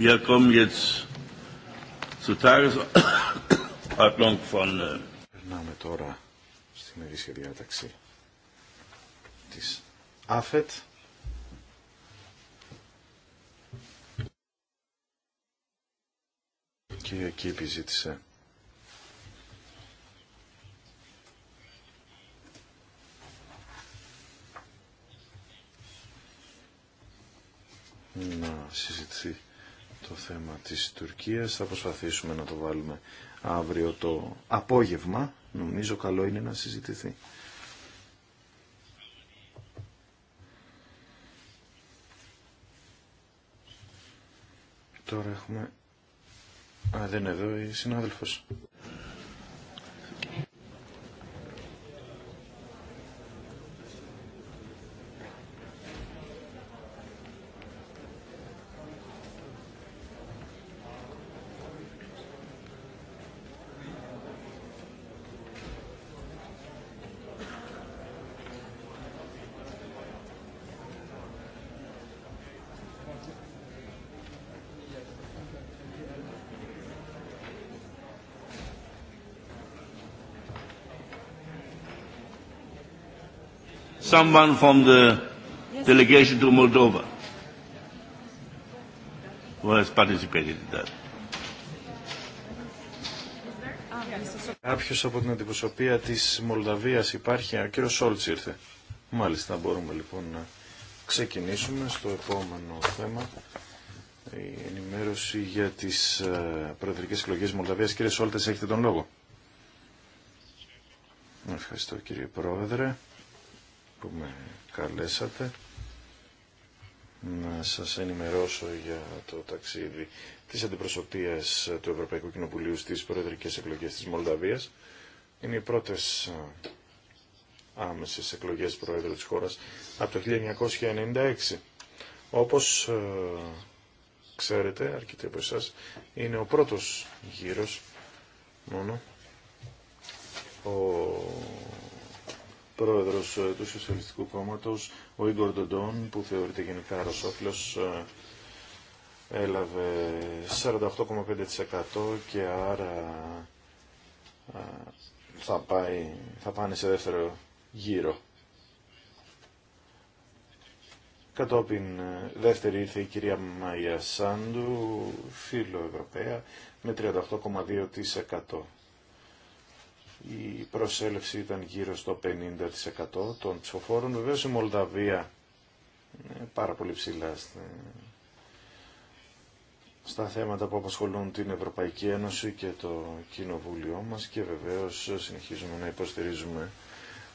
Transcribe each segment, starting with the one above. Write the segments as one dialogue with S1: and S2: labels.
S1: Wir kommen jetzt zur Tagesordnung von... Äh, Περνάμε τώρα στην ημερήσια διάταξη της ΑΦΕΤ. Και εκεί επιζήτησε να συζητηθεί το θέμα της Τουρκίας. Θα προσπαθήσουμε να το βάλουμε αύριο το απόγευμα. Νομίζω καλό είναι να συζητηθεί. Τώρα έχουμε... Α, δεν είναι εδώ η συνάδελφος.
S2: someone from the delegation to Moldova who has participated in that.
S1: Κάποιο από την αντιπροσωπεία τη Μολδαβία υπάρχει, ο κύριο Σόλτ ήρθε. Μάλιστα, μπορούμε λοιπόν να ξεκινήσουμε στο επόμενο θέμα. Η ενημέρωση για τι ε, προεδρικέ εκλογέ Μολδαβίας. Κύριε Σόλτ, έχετε τον λόγο. Ευχαριστώ κύριε Πρόεδρε που με καλέσατε να σας ενημερώσω για το ταξίδι της αντιπροσωπείας του Ευρωπαϊκού Κοινοβουλίου στις προεδρικές εκλογές της Μολδαβίας. Είναι οι πρώτες άμεσες εκλογές Προέδρου της χώρας από το 1996. Όπως ξέρετε, αρκετοί από εσάς, είναι ο πρώτος γύρος μόνο ο πρόεδρος ε, του Σοσιαλιστικού Κόμματος, ο Ίγκορ που θεωρείται γενικά ρωσόφιλος, ε, έλαβε 48,5% και άρα ε, θα, πάει, θα πάνε σε δεύτερο γύρο. Κατόπιν δεύτερη ήρθε η κυρία Μαϊάσαντου, φίλο Ευρωπαία, με 38,2%. Η προσέλευση ήταν γύρω στο 50% των ψηφοφόρων. Βεβαίω η Μολδαβία πάρα πολύ ψηλά στα θέματα που απασχολούν την Ευρωπαϊκή Ένωση και το Κοινοβούλιο μας και βεβαίως συνεχίζουμε να υποστηρίζουμε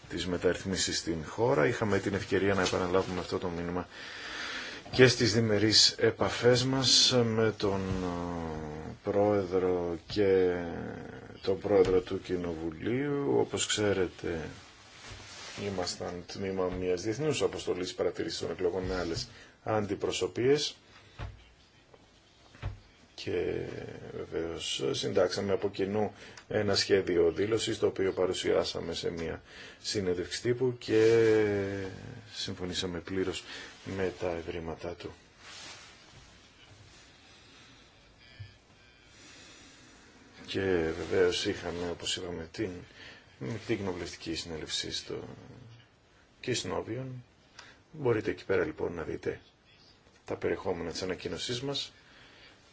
S1: τις μεταρρυθμίσεις στην χώρα. Είχαμε την ευκαιρία να επαναλάβουμε αυτό το μήνυμα και στις διμερείς επαφές μας με τον ε, πρόεδρο και τον πρόεδρο του Κοινοβουλίου. Όπως ξέρετε, ήμασταν τμήμα μιας διεθνούς αποστολής παρατηρήσεων των εκλογών με άλλες και βεβαίως συντάξαμε από κοινού ένα σχέδιο δήλωσης το οποίο παρουσιάσαμε σε μια συνέντευξη τύπου και συμφωνήσαμε πλήρως με τα ευρήματά του. Και βεβαίως είχαμε, όπως είπαμε, την μικρή κοινοβουλευτική συνέλευση στο Κισνόβιον. Μπορείτε εκεί πέρα λοιπόν να δείτε τα περιεχόμενα της ανακοινώσή μας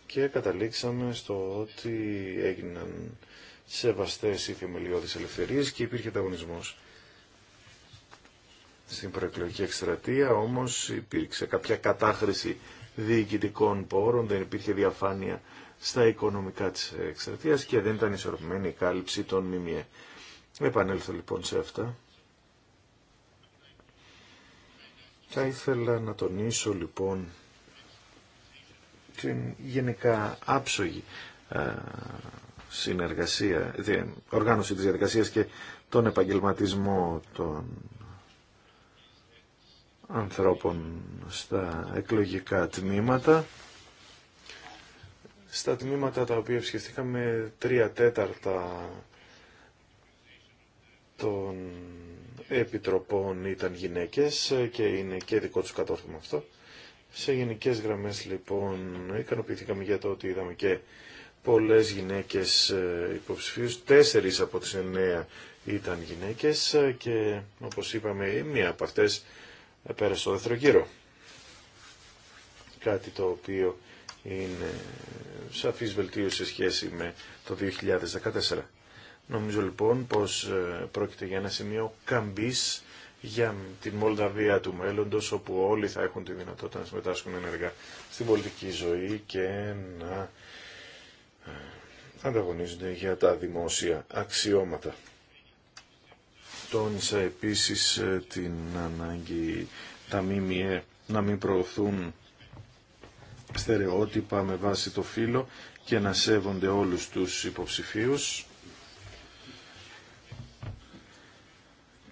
S1: και καταλήξαμε στο ότι έγιναν σεβαστές οι θεμελιώδεις ελευθερίες και υπήρχε ανταγωνισμός στην προεκλογική εκστρατεία, όμως υπήρξε κάποια κατάχρηση διοικητικών πόρων, δεν υπήρχε διαφάνεια στα οικονομικά της εκστρατείας και δεν ήταν ισορροπημένη η κάλυψη των ΜΜΕ. Επανέλθω λοιπόν σε αυτά. Θα ήθελα να τονίσω λοιπόν την γενικά άψογη συνεργασία, οργάνωση της διαδικασίας και τον επαγγελματισμό των ανθρώπων στα εκλογικά τμήματα. Στα τμήματα τα οποία ευσχεστήκαμε τρία τέταρτα των επιτροπών ήταν γυναίκες και είναι και δικό τους κατόρθωμα αυτό. Σε γενικές γραμμές λοιπόν ικανοποιηθήκαμε για το ότι είδαμε και πολλές γυναίκες ε, υποψηφίους. Τέσσερις από τις εννέα ήταν γυναίκες και όπως είπαμε μία από αυτές Επέρασε στο δεύτερο γύρο. Κάτι το οποίο είναι σαφής βελτίωση σε σχέση με το 2014. Νομίζω λοιπόν πως ε, πρόκειται για ένα σημείο καμπής για την Μολδαβία του μέλλοντος όπου όλοι θα έχουν τη δυνατότητα να συμμετάσχουν ενεργά στην πολιτική ζωή και να ε, ανταγωνίζονται για τα δημόσια αξιώματα τόνισα επίσης ε, την ανάγκη τα ΜΜΕ να μην προωθούν στερεότυπα με βάση το φύλλο και να σέβονται όλους τους υποψηφίους.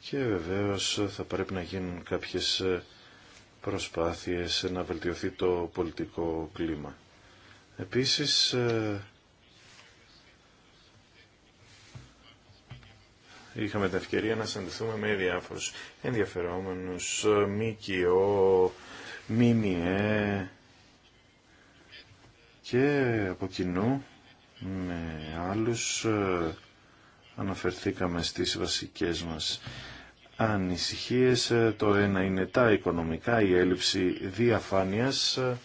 S1: Και βεβαίως θα πρέπει να γίνουν κάποιες ε, προσπάθειες να βελτιωθεί το πολιτικό κλίμα. Επίσης ε, είχαμε την ευκαιρία να συναντηθούμε με διάφορους ενδιαφερόμενους, ΜΚΟ, ΜΜΕ και από κοινού με άλλους ε, αναφερθήκαμε στις βασικές μας ανησυχίες. Ε, το ένα είναι τα οικονομικά, η έλλειψη διαφάνειας ε,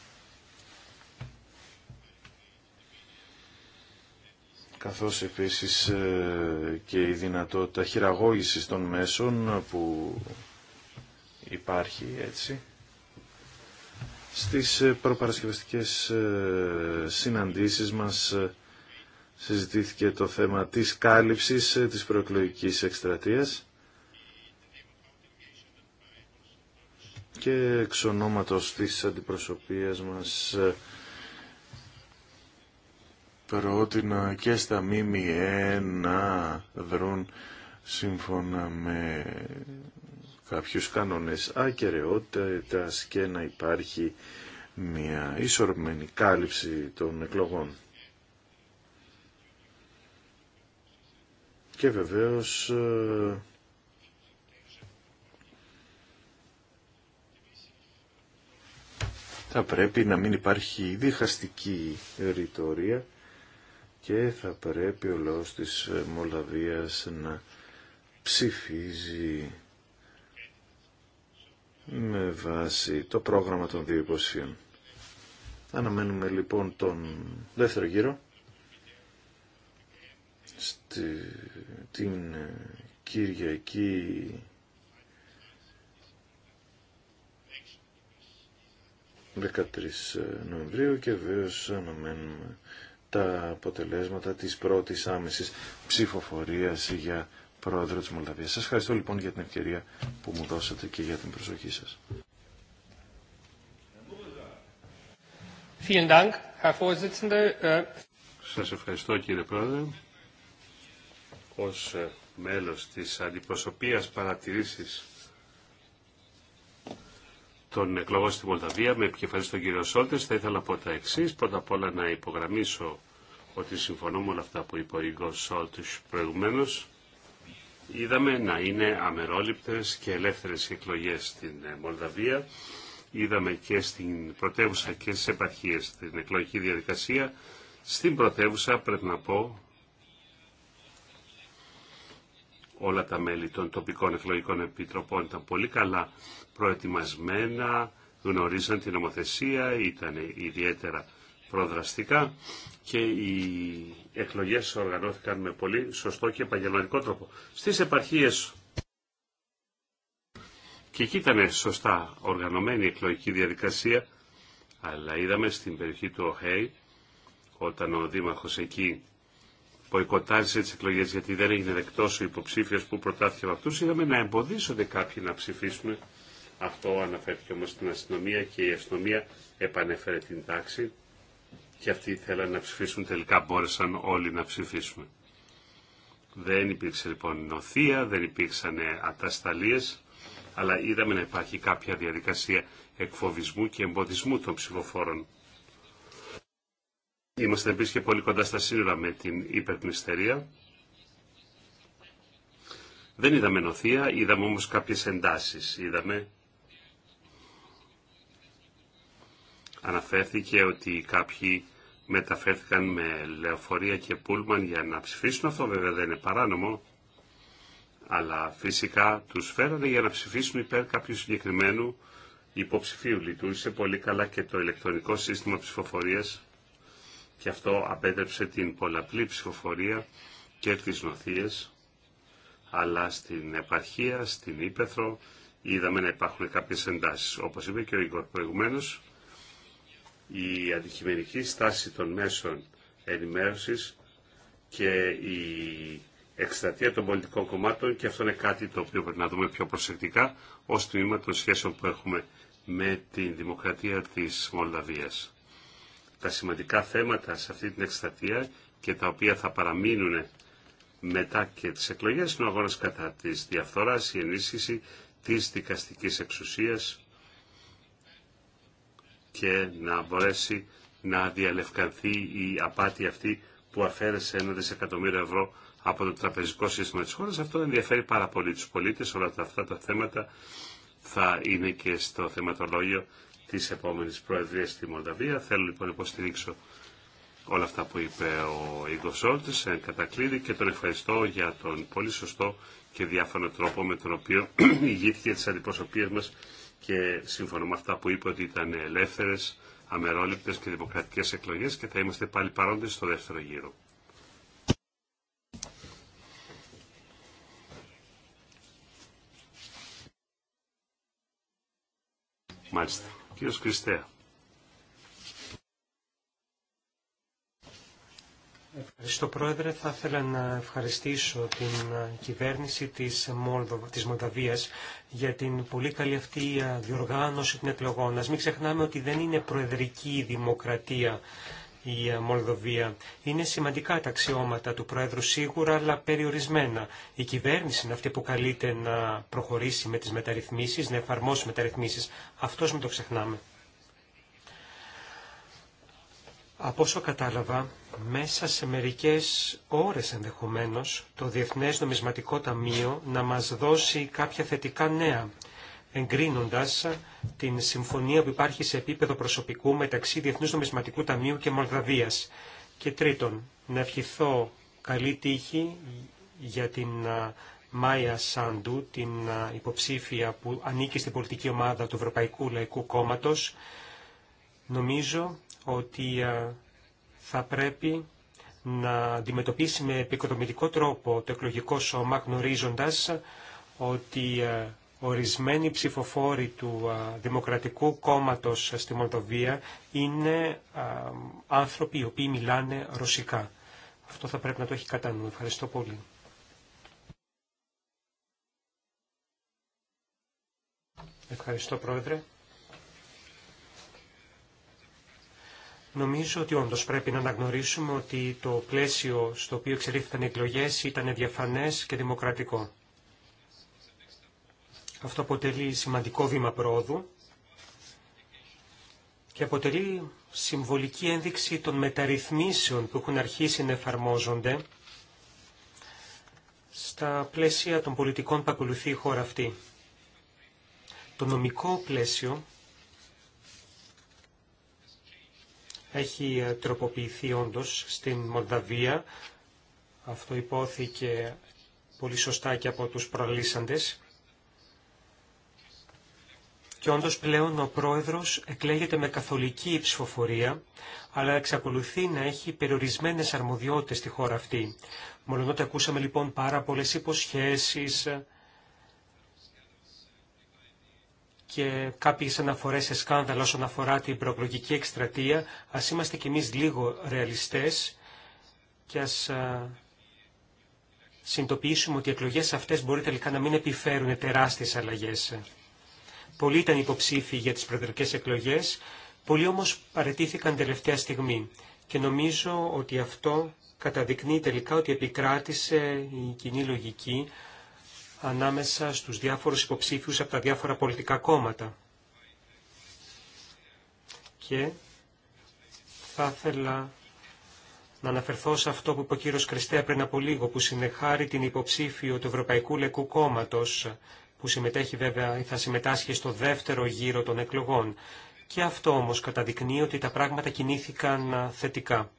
S1: καθώς επίσης ε, και η δυνατότητα χειραγώγησης των μέσων που υπάρχει έτσι. Στις ε, προπαρασκευαστικές ε, συναντήσεις μας συζητήθηκε το θέμα της κάλυψης της προεκλογικής εκστρατείας και εξ ονόματος της αντιπροσωπείας μας πρότεινα και στα ΜΜΕ να δρουν σύμφωνα με κάποιους κανόνες ακαιρεότητας και να υπάρχει μια ισορμένη κάλυψη των εκλογών. Και βεβαίως ε, θα πρέπει να μην υπάρχει διχαστική ρητορία και θα πρέπει ο λαός της Μολαβίας να ψηφίζει με βάση το πρόγραμμα των δύο Αναμένουμε λοιπόν τον δεύτερο γύρο στη, την Κυριακή ...13 Νοεμβρίου και βέβαια αναμένουμε τα αποτελέσματα της πρώτης άμεσης ψηφοφορίας για πρόεδρο της Μολδαβίας. Σας ευχαριστώ λοιπόν για την ευκαιρία
S2: που μου δώσατε και για την προσοχή σας. Äh, σας ευχαριστώ κύριε Πρόεδρε. Ως ε, μέλος της αντιπροσωπείας παρατηρήσεις των εκλογών στη Μολδαβία με επικεφαλής τον κύριο Σόλτες θα ήθελα από τα εξής. Πρώτα απ' όλα να υπογραμμίσω ότι συμφωνώ με όλα αυτά που είπε ο Ιγκο Σόλτους προηγουμένως. Είδαμε να είναι αμερόληπτες και ελεύθερες εκλογές στην ε, Μολδαβία. Είδαμε και στην πρωτεύουσα και στις επαρχίες την εκλογική διαδικασία. Στην πρωτεύουσα πρέπει να πω όλα τα μέλη των τοπικών εκλογικών επιτροπών ήταν πολύ καλά προετοιμασμένα, γνωρίζαν την νομοθεσία, ήταν ιδιαίτερα προδραστικά και οι εκλογές οργανώθηκαν με πολύ σωστό και επαγγελματικό τρόπο. Στις επαρχίες και εκεί ήταν σωστά οργανωμένη η εκλογική διαδικασία, αλλά είδαμε στην περιοχή του ΟΧΕΙ, όταν ο Δήμαρχος εκεί ποικοτάζησε τις εκλογές γιατί δεν έγινε δεκτός ο υποψήφιος που προτάθηκε από αυτούς, είδαμε να εμποδίσονται κάποιοι να ψηφίσουν. Αυτό αναφέρθηκε όμως στην αστυνομία και η αστυνομία επανέφερε την τάξη και αυτοί θέλαν να ψηφίσουν, τελικά μπόρεσαν όλοι να ψηφίσουν. Δεν υπήρξε λοιπόν νοθεία, δεν υπήρξαν ε, ατασταλίες, αλλά είδαμε να υπάρχει κάποια διαδικασία εκφοβισμού και εμποδισμού των ψηφοφόρων. Είμαστε επίσης και πολύ κοντά στα σύνορα με την υπερπνιστερία. Δεν είδαμε νοθεία, είδαμε όμως κάποιες εντάσεις. Είδαμε αναφέρθηκε ότι κάποιοι μεταφέρθηκαν με λεωφορεία και πούλμαν για να ψηφίσουν. Αυτό βέβαια δεν είναι παράνομο, αλλά φυσικά τους φέρανε για να ψηφίσουν υπέρ κάποιου συγκεκριμένου υποψηφίου. Λειτουργήσε πολύ καλά και το ηλεκτρονικό σύστημα ψηφοφορίας και αυτό απέτρεψε την πολλαπλή ψηφοφορία και τις νοθείες, αλλά στην επαρχία, στην Ήπεθρο, είδαμε να υπάρχουν κάποιες εντάσεις. Όπως είπε και ο Ιγκορ προηγουμένως, η αντικειμενική στάση των μέσων ενημέρωσης και η εκστρατεία των πολιτικών κομμάτων και αυτό είναι κάτι το οποίο πρέπει να δούμε πιο προσεκτικά ως τμήμα των σχέσεων που έχουμε με τη δημοκρατία της Μολδαβίας. Τα σημαντικά θέματα σε αυτή την εκστρατεία και τα οποία θα παραμείνουν μετά και τις εκλογές είναι ο αγώνας κατά της διαφθοράς, η ενίσχυση της δικαστικής εξουσίας, και να μπορέσει να διαλευκανθεί η απάτη αυτή που αφαίρεσε ένα δισεκατομμύριο ευρώ από το τραπεζικό σύστημα της χώρας. Αυτό ενδιαφέρει πάρα πολύ τους πολίτες. Όλα αυτά τα θέματα θα είναι και στο θεματολόγιο της επόμενης Προεδρίας στη Μολδαβία. Θέλω λοιπόν να υποστηρίξω όλα αυτά που είπε ο Ιγκο εν κατακλείδη και τον ευχαριστώ για τον πολύ σωστό και διάφορο τρόπο με τον οποίο ηγήθηκε τις αντιπροσωπείες μας και σύμφωνα με αυτά που είπε ότι ήταν ελεύθερες, αμερόληπτες και δημοκρατικές εκλογές και θα είμαστε πάλι παρόντες στο δεύτερο γύρο. Μάλιστα. Κύριος Κριστέα.
S3: Ευχαριστώ Πρόεδρε. Θα ήθελα να ευχαριστήσω την ε, κυβέρνηση της, Μολδοβα, της Μολδαβίας για την πολύ καλή αυτή ε, διοργάνωση των εκλογών. Να μην ξεχνάμε ότι δεν είναι προεδρική δημοκρατία η ε, Μολδοβία. Είναι σημαντικά τα αξιώματα του Πρόεδρου σίγουρα, αλλά περιορισμένα. Η κυβέρνηση είναι αυτή που καλείται να προχωρήσει με τις μεταρρυθμίσεις, να εφαρμόσει μεταρρυθμίσεις. Αυτός μην το ξεχνάμε. Από όσο κατάλαβα, μέσα σε μερικές ώρες ενδεχομένως, το Διεθνές Νομισματικό Ταμείο να μας δώσει κάποια θετικά νέα, εγκρίνοντας την συμφωνία που υπάρχει σε επίπεδο προσωπικού μεταξύ Διεθνούς Νομισματικού Ταμείου και Μολδαβίας. Και τρίτον, να ευχηθώ καλή τύχη για την Μάια Σάντου, την υποψήφια που ανήκει στην πολιτική ομάδα του Ευρωπαϊκού Λαϊκού Κόμματος. Νομίζω ότι ε, θα πρέπει να αντιμετωπίσει με επικοδομητικό τρόπο το εκλογικό σώμα γνωρίζοντα ότι ε, ορισμένοι ψηφοφόροι του ε, Δημοκρατικού Κόμματος στη Μολτοβία είναι άνθρωποι οι οποίοι μιλάνε ρωσικά. Αυτό θα πρέπει να το έχει κατά νου. Ευχαριστώ πολύ. Ευχαριστώ Πρόεδρε. Νομίζω ότι όντως πρέπει να αναγνωρίσουμε ότι το πλαίσιο στο οποίο εξελίχθηκαν οι εκλογές ήταν διαφανές και δημοκρατικό. Αυτό αποτελεί σημαντικό βήμα πρόοδου και αποτελεί συμβολική ένδειξη των μεταρρυθμίσεων που έχουν αρχίσει να εφαρμόζονται στα πλαίσια των πολιτικών που ακολουθεί η χώρα αυτή. Το νομικό πλαίσιο έχει ε, τροποποιηθεί όντως στην Μολδαβία. Αυτό υπόθηκε πολύ σωστά και από τους προλύσαντες. Και όντως πλέον ο πρόεδρος εκλέγεται με καθολική ψηφοφορία, αλλά εξακολουθεί να έχει περιορισμένες αρμοδιότητες στη χώρα αυτή. Μόλον ακούσαμε λοιπόν πάρα πολλές υποσχέσεις, και κάποιε αναφορές σε σκάνδαλα όσον αφορά την προεκλογική εκστρατεία, ας είμαστε κι εμείς λίγο ρεαλιστές και α συνειδητοποιήσουμε ότι οι εκλογέ αυτές μπορεί τελικά να μην επιφέρουν τεράστιες αλλαγέ. Πολλοί ήταν υποψήφοι για τις προεδρικέ εκλογές, πολλοί όμως παρετήθηκαν τελευταία στιγμή και νομίζω ότι αυτό καταδεικνύει τελικά ότι επικράτησε η κοινή λογική ανάμεσα στους διάφορους υποψήφιους από τα διάφορα πολιτικά κόμματα. Και θα ήθελα να αναφερθώ σε αυτό που είπε ο κύριος Κριστέα πριν από λίγο, που συνεχάρει την υποψήφιο του Ευρωπαϊκού Λεκού Κόμματος, που συμμετέχει βέβαια ή θα συμμετάσχει στο δεύτερο γύρο των εκλογών. Και αυτό όμως καταδεικνύει ότι τα πράγματα κινήθηκαν θετικά.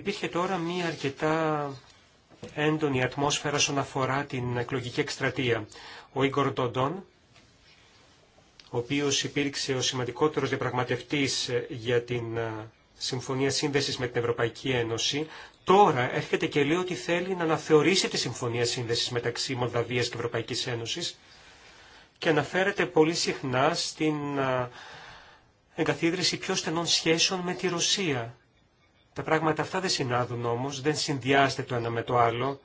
S3: Υπήρχε τώρα μία αρκετά έντονη ατμόσφαιρα όσον αφορά την εκλογική εκστρατεία. Ο Ίγκορ ο οποίος υπήρξε ο σημαντικότερος διαπραγματευτής για την ε, Συμφωνία Σύνδεσης με την Ευρωπαϊκή Ένωση, τώρα έρχεται και λέει ότι θέλει να αναθεωρήσει τη Συμφωνία Σύνδεσης μεταξύ Μολδαβίας και Ευρωπαϊκής Ένωσης και αναφέρεται πολύ συχνά στην ε, εγκαθίδρυση πιο στενών σχέσεων με τη Ρωσία. Τα πράγματα αυτά δεν συνάδουν όμω, δεν συνδυάζεται το ένα με το άλλο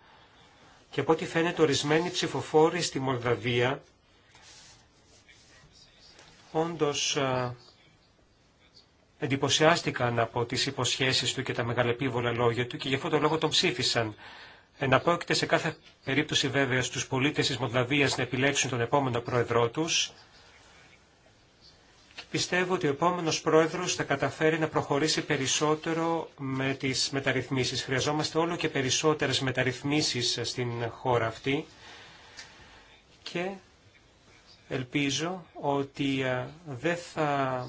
S3: και από ό,τι φαίνεται ορισμένοι ψηφοφόροι στη Μολδαβία όντως εντυπωσιάστηκαν από τις υποσχέσεις του και τα μεγαλεπίβολα λόγια του και γι' αυτόν τον λόγο τον ψήφισαν. Εναπόκειται σε κάθε περίπτωση βέβαια στους πολίτες της Μολδαβίας να επιλέξουν τον επόμενο πρόεδρό τους Πιστεύω ότι ο επόμενος πρόεδρος θα καταφέρει να προχωρήσει περισσότερο με τις μεταρρυθμίσεις. Χρειαζόμαστε όλο και περισσότερες μεταρρυθμίσεις στην χώρα αυτή και ελπίζω ότι ε, δεν θα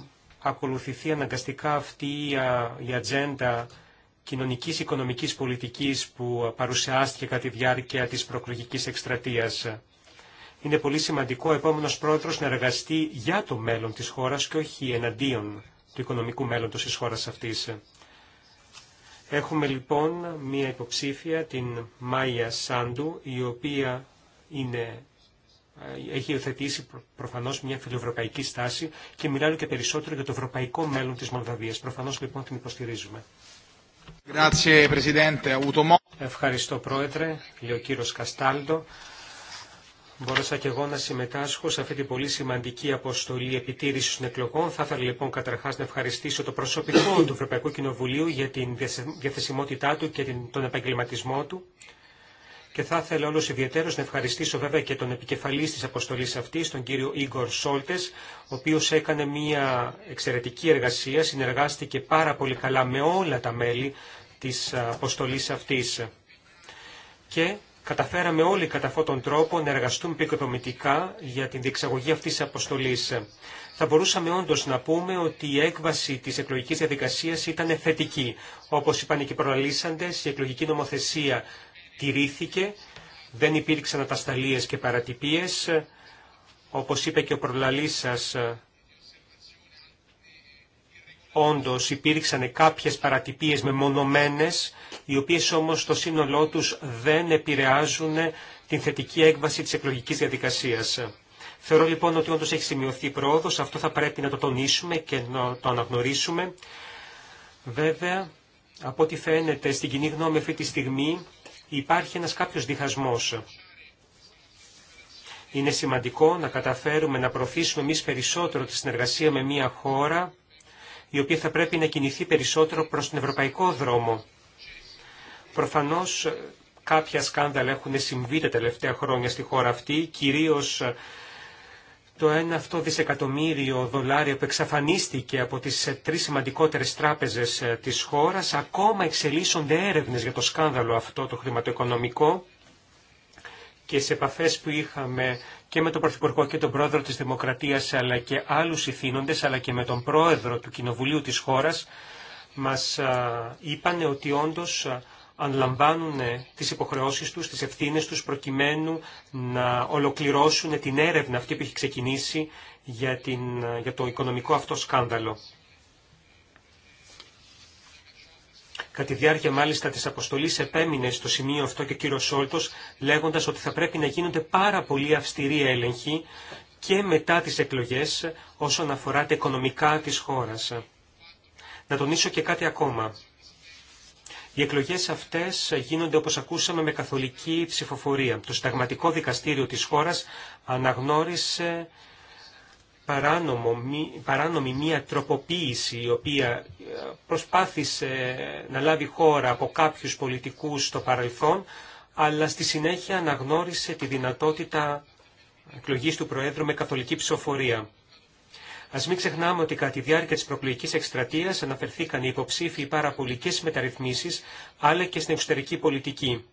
S3: ακολουθηθεί αναγκαστικά αυτή ε, η ατζέντα κοινωνικής οικονομικής πολιτικής που παρουσιάστηκε κατά τη διάρκεια της προκλογική εκστρατείας είναι πολύ σημαντικό ο επόμενος πρόεδρος να εργαστεί για το μέλλον της χώρας και όχι εναντίον του οικονομικού μέλλοντος της χώρας αυτής. Έχουμε λοιπόν μία υποψήφια, την Μάια Σάντου, η οποία είναι, έχει υιοθετήσει προφανώς μια υποψηφια την μαια σαντου η οποια στάση και μιλάει και περισσότερο για το ευρωπαϊκό μέλλον της Μολδαβίας. Προφανώς λοιπόν την υποστηρίζουμε. Ευχαριστώ Πρόεδρε, λέει ο κύριος Καστάλντο. Μπορούσα και εγώ να συμμετάσχω σε αυτή την πολύ σημαντική αποστολή επιτήρηση των εκλογών. Θα ήθελα λοιπόν καταρχά να ευχαριστήσω το προσωπικό του Ευρωπαϊκού Κοινοβουλίου για την διαθεσιμότητά του και τον επαγγελματισμό του. Και θα ήθελα όλο ιδιαίτερω να ευχαριστήσω βέβαια και τον επικεφαλή τη αποστολή αυτή, τον κύριο Ίγκορ Σόλτε, ο οποίο έκανε μια εξαιρετική εργασία, συνεργάστηκε πάρα πολύ καλά με όλα τα μέλη τη ε, αποστολή αυτή. Και καταφέραμε όλοι κατά αυτόν τον τρόπο να εργαστούμε πικοδομητικά για την διεξαγωγή αυτής της αποστολής. Θα μπορούσαμε όντως να πούμε ότι η έκβαση της εκλογικής διαδικασίας ήταν θετική. Όπως είπαν και οι προλαλήσαντες, η εκλογική νομοθεσία τηρήθηκε, δεν υπήρξαν ατασταλίες και παρατυπίες. Όπως είπε και ο προλαλής Όντως υπήρξαν κάποιες παρατυπίες μεμονωμένες, οι οποίες όμως στο σύνολό τους δεν επηρεάζουν την θετική έκβαση της εκλογικής διαδικασίας. Θεωρώ λοιπόν ότι όντως έχει σημειωθεί πρόοδος, αυτό θα πρέπει να το τονίσουμε και να το αναγνωρίσουμε. Βέβαια, από ό,τι φαίνεται στην κοινή γνώμη αυτή τη στιγμή υπάρχει ένας κάποιος διχασμός. Είναι σημαντικό να καταφέρουμε να προωθήσουμε εμεί περισσότερο τη συνεργασία με μια χώρα η οποία θα πρέπει να κινηθεί περισσότερο προς τον ευρωπαϊκό δρόμο. Προφανώς ε, κάποια σκάνδαλα έχουν συμβεί τα τελευταία χρόνια στη χώρα αυτή, κυρίως ε, το ένα αυτό δισεκατομμύριο δολάριο που εξαφανίστηκε από τις ε, τρεις σημαντικότερες τράπεζες της χώρας, ακόμα εξελίσσονται έρευνες για το σκάνδαλο αυτό το χρηματοοικονομικό και σε επαφές που είχαμε και με τον Πρωθυπουργό και τον Πρόεδρο της Δημοκρατίας αλλά και άλλους ηθήνοντες αλλά και με τον Πρόεδρο του Κοινοβουλίου της χώρας μας είπαν ότι όντως αναλαμβάνουν τις υποχρεώσεις τους, τις ευθύνες τους προκειμένου να ολοκληρώσουν την έρευνα αυτή που έχει ξεκινήσει για, για το οικονομικό αυτό σκάνδαλο. Κατά τη διάρκεια μάλιστα τη αποστολή επέμεινε στο σημείο αυτό και ο κύριο Σόλτο, λέγοντα ότι θα πρέπει να γίνονται πάρα πολύ αυστηροί έλεγχοι και μετά τις εκλογές όσον αφορά τα οικονομικά της χώρας. Να τονίσω και κάτι ακόμα. Οι εκλογές αυτές γίνονται όπως ακούσαμε με καθολική ψηφοφορία. Το Σταγματικό δικαστήριο της χώρας αναγνώρισε παράνομο, παράνομη μία τροποποίηση η οποία ε, προσπάθησε να λάβει χώρα από κάποιους πολιτικούς στο παρελθόν, αλλά στη συνέχεια αναγνώρισε τη δυνατότητα εκλογής του Προέδρου με καθολική ψηφοφορία. Ας μην ξεχνάμε ότι κατά τη διάρκεια τη προκλογική εκστρατεία αναφερθήκαν οι υποψήφοι πάρα πολλικές μεταρρυθμίσεις αλλά και στην εξωτερική πολιτική.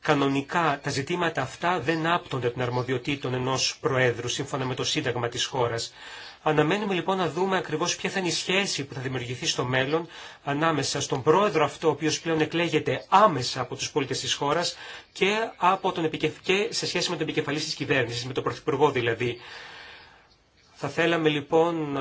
S3: Κανονικά τα ζητήματα αυτά δεν άπτονται την αρμοδιοτήτων ενός Προέδρου σύμφωνα με το Σύνταγμα της χώρας. Αναμένουμε λοιπόν να δούμε ακριβώς ποια θα είναι η σχέση που θα δημιουργηθεί στο μέλλον ανάμεσα στον πρόεδρο αυτό, ο οποίος πλέον εκλέγεται άμεσα από τους πολίτες της χώρας και, από τον επικεφ... και σε σχέση με τον επικεφαλής της κυβέρνησης, με τον πρωθυπουργό δηλαδή. Θα θέλαμε λοιπόν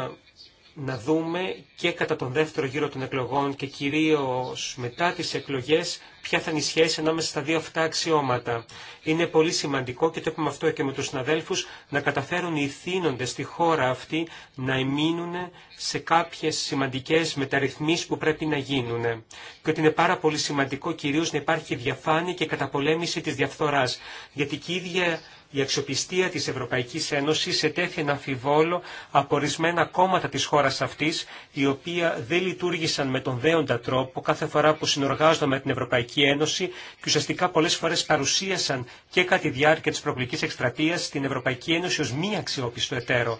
S3: να δούμε και κατά τον δεύτερο γύρο των εκλογών και κυρίως μετά τις εκλογές ποια θα είναι η σχέση ανάμεσα στα δύο αυτά αξιώματα. Είναι πολύ σημαντικό και το έχουμε αυτό και με τους συναδέλφους να καταφέρουν οι θύνοντες στη χώρα αυτή να εμείνουν σε κάποιες σημαντικές μεταρρυθμίσεις που πρέπει να γίνουν. Και ότι είναι πάρα πολύ σημαντικό κυρίως να υπάρχει διαφάνεια και καταπολέμηση της διαφθοράς. Γιατί και ίδια η αξιοπιστία της Ευρωπαϊκής Ένωσης ετέθη ένα αμφιβόλο από ορισμένα κόμματα της χώρας αυτής, οι οποία δεν λειτουργήσαν με τον δέοντα τρόπο κάθε φορά που συνεργάζονταν με την Ευρωπαϊκή Ένωση και ουσιαστικά πολλές φορές παρουσίασαν και κατά τη διάρκεια της προκλικής εκστρατείας την Ευρωπαϊκή Ένωση ως μη αξιόπιστο εταίρο.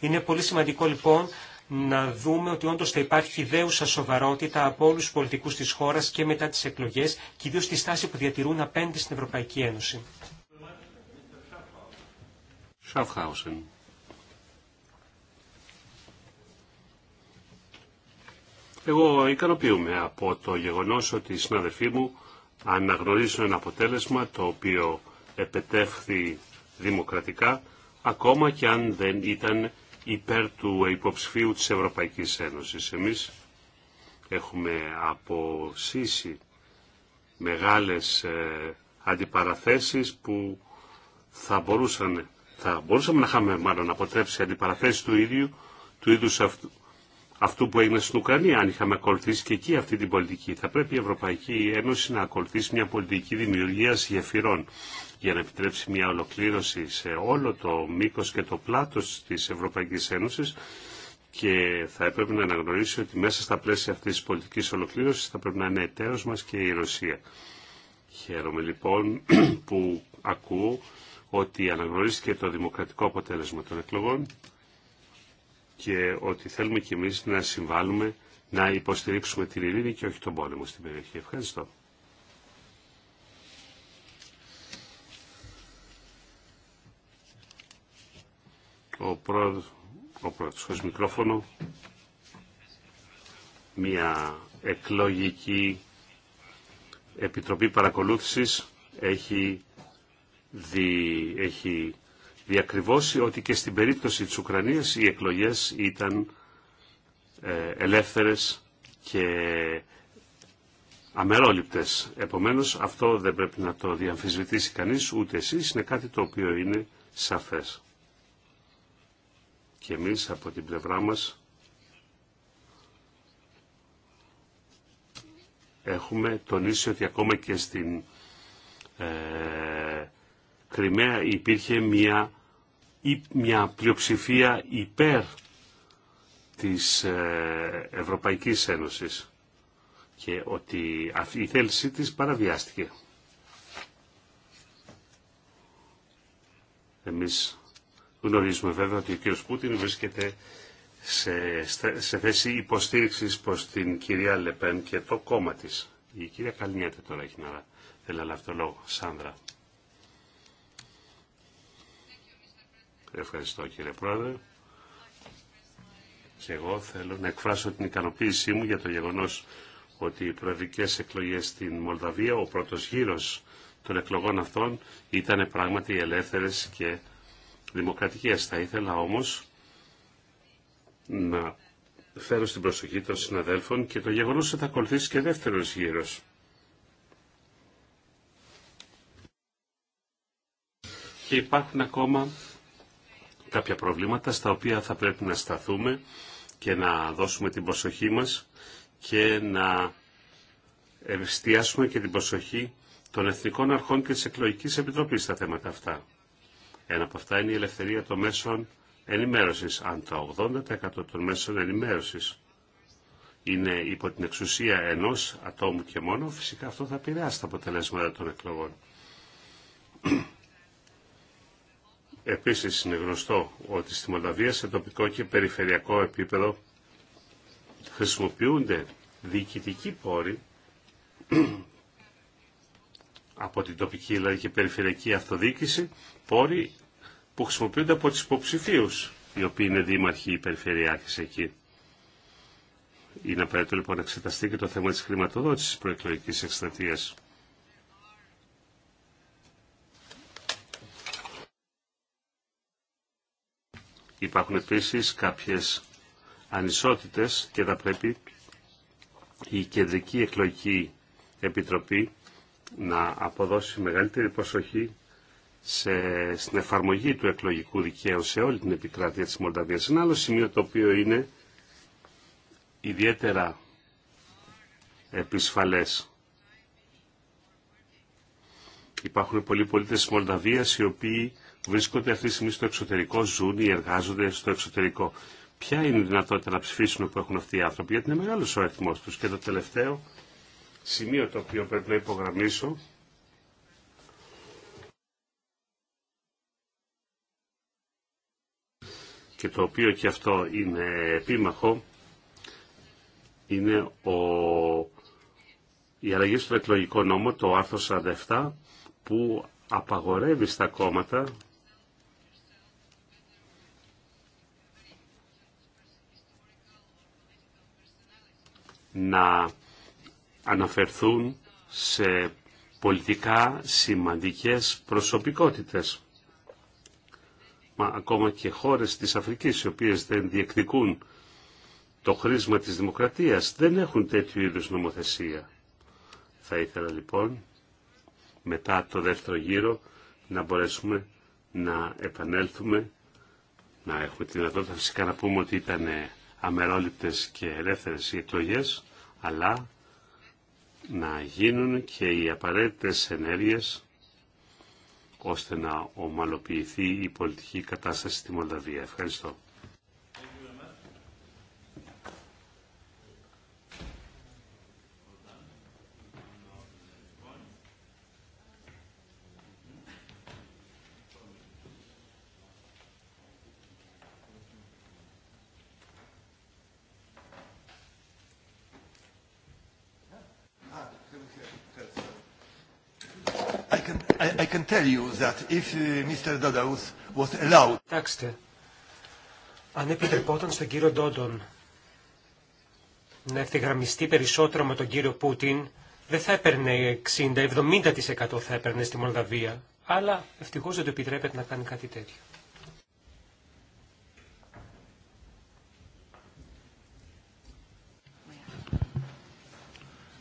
S3: Είναι πολύ σημαντικό λοιπόν να δούμε ότι όντω θα υπάρχει δέουσα σοβαρότητα από όλου του πολιτικού τη χώρα και μετά τις εκλογές και ιδίως τη στάση που διατηρούν απέναντι στην Ευρωπαϊκή Ένωση. Εγώ
S2: ικανοποιούμαι από το γεγονός ότι οι συναδελφοί μου αναγνωρίζουν ένα αποτέλεσμα το οποίο επετεύχθη δημοκρατικά ακόμα και αν δεν ήταν υπέρ του υποψηφίου της Ευρωπαϊκής Ένωσης. Εμείς έχουμε αποσύσει μεγάλες ε, αντιπαραθέσεις που θα μπορούσαν θα μπορούσαμε να είχαμε μάλλον αποτρέψει αντιπαραθέσει του ίδιου, του είδου αυτού, αυτού που έγινε στην Ουκρανία, αν είχαμε ακολουθήσει και εκεί αυτή την πολιτική. Θα πρέπει η Ευρωπαϊκή Ένωση να ακολουθήσει μια πολιτική δημιουργία γεφυρών για να επιτρέψει μια ολοκλήρωση σε όλο το μήκο και το πλάτο τη Ευρωπαϊκή Ένωση. και θα έπρεπε να αναγνωρίσει ότι μέσα στα πλαίσια αυτή τη πολιτική ολοκλήρωση θα πρέπει να είναι εταίρο μα και η Ρωσία. Χαίρομαι λοιπόν που ακούω ότι αναγνωρίστηκε το δημοκρατικό αποτέλεσμα των εκλογών και ότι θέλουμε κι εμείς να συμβάλλουμε να υποστηρίξουμε την ειρήνη και όχι τον πόλεμο στην περιοχή. Ευχαριστώ. Ο πρώτος, ο πρώτος χωρίς μικρόφωνο, μια εκλογική επιτροπή παρακολούθησης έχει δι, έχει διακριβώσει ότι και στην περίπτωση της Ουκρανίας οι εκλογές ήταν ε, ελεύθερες και αμερόληπτες. Επομένως αυτό δεν πρέπει να το διαμφισβητήσει κανείς ούτε εσείς, είναι κάτι το οποίο είναι σαφές. Και εμείς από την πλευρά μας έχουμε τονίσει ότι ακόμα και στην ε, Κρυμαία υπήρχε μια, μια πλειοψηφία υπέρ της ε, Ευρωπαϊκής Ένωσης και ότι η θέλησή της παραβιάστηκε. Εμείς γνωρίζουμε βέβαια ότι ο κύριος Πούτιν βρίσκεται σε, θέση υποστήριξης προς την κυρία Λεπέν και το κόμμα της. Η κυρία Καλνιέται τώρα έχει να θέλει να λόγο. Σάνδρα. Ευχαριστώ κύριε Πρόεδρε. Και εγώ θέλω να εκφράσω την ικανοποίησή μου για το γεγονός ότι οι προεδρικές εκλογές στην Μολδαβία, ο πρώτος γύρος των εκλογών αυτών ήταν πράγματι ελεύθερες και δημοκρατικές. Θα ήθελα όμως να φέρω στην προσοχή των συναδέλφων και το γεγονός ότι θα ακολουθήσει και δεύτερος γύρος. Και υπάρχουν ακόμα κάποια προβλήματα στα οποία θα πρέπει να σταθούμε και να δώσουμε την προσοχή μας και να ευστιάσουμε και την προσοχή των Εθνικών Αρχών και της Εκλογικής Επιτροπής στα θέματα αυτά. Ένα από αυτά είναι η ελευθερία των μέσων ενημέρωσης. Αν το 80% των μέσων ενημέρωσης είναι υπό την εξουσία ενός ατόμου και μόνο, φυσικά αυτό θα επηρεάσει τα αποτελέσματα των εκλογών. Επίσης είναι γνωστό ότι στη Μολδαβία σε τοπικό και περιφερειακό επίπεδο χρησιμοποιούνται διοικητικοί πόροι από την τοπική δηλαδή και περιφερειακή αυτοδιοίκηση, πόροι που χρησιμοποιούνται από τις υποψηφίου οι οποίοι είναι δήμαρχοι ή εκεί. Είναι απαραίτητο λοιπόν να εξεταστεί και το θέμα της χρηματοδότησης προεκλογικής εκστρατείας. Υπάρχουν επίσης κάποιες ανισότητες και θα πρέπει η Κεντρική Εκλογική Επιτροπή να αποδώσει μεγαλύτερη προσοχή σε, στην εφαρμογή του εκλογικού δικαίου σε όλη την επικράτεια της Μολδαβίας. Ένα άλλο σημείο το οποίο είναι ιδιαίτερα επισφαλές. Υπάρχουν πολλοί πολίτες της Μολδαβίας οι οποίοι βρίσκονται αυτή τη στιγμή στο εξωτερικό, ζουν ή εργάζονται στο εξωτερικό. Ποια είναι η δυνατότητα να ψηφίσουν που έχουν αυτοί οι άνθρωποι, γιατί είναι μεγάλο ο αριθμό του. Και το τελευταίο σημείο το οποίο πρέπει να υπογραμμίσω και το οποίο και αυτό είναι επίμαχο, είναι ο... η αλλαγή στον εκλογικό νόμο, το άρθρο 47, που απαγορεύει στα κόμματα να αναφερθούν σε πολιτικά σημαντικές προσωπικότητες. Μα ακόμα και χώρες της Αφρικής, οι οποίες δεν διεκδικούν το χρήσμα της δημοκρατίας, δεν έχουν τέτοιου είδους νομοθεσία. Θα ήθελα λοιπόν, μετά το δεύτερο γύρο, να μπορέσουμε να επανέλθουμε, να έχουμε τη δυνατότητα φυσικά να πούμε ότι ήταν αμερόληπτες και ελεύθερες εκλογές, αλλά να γίνουν και οι απαραίτητες ενέργειες ώστε να ομαλοποιηθεί η πολιτική κατάσταση στη Μολδαβία. Ευχαριστώ.
S3: I, I can tell you that if uh, Mr. was allowed... Κοιτάξτε, αν επιτρεπόταν στον κύριο Ντόντον να ευθυγραμμιστεί περισσότερο με τον κύριο Πούτιν, δεν θα έπαιρνε 60-70% θα έπαιρνε στη Μολδαβία. Αλλά ευτυχώς δεν το επιτρέπεται να κάνει κάτι τέτοιο.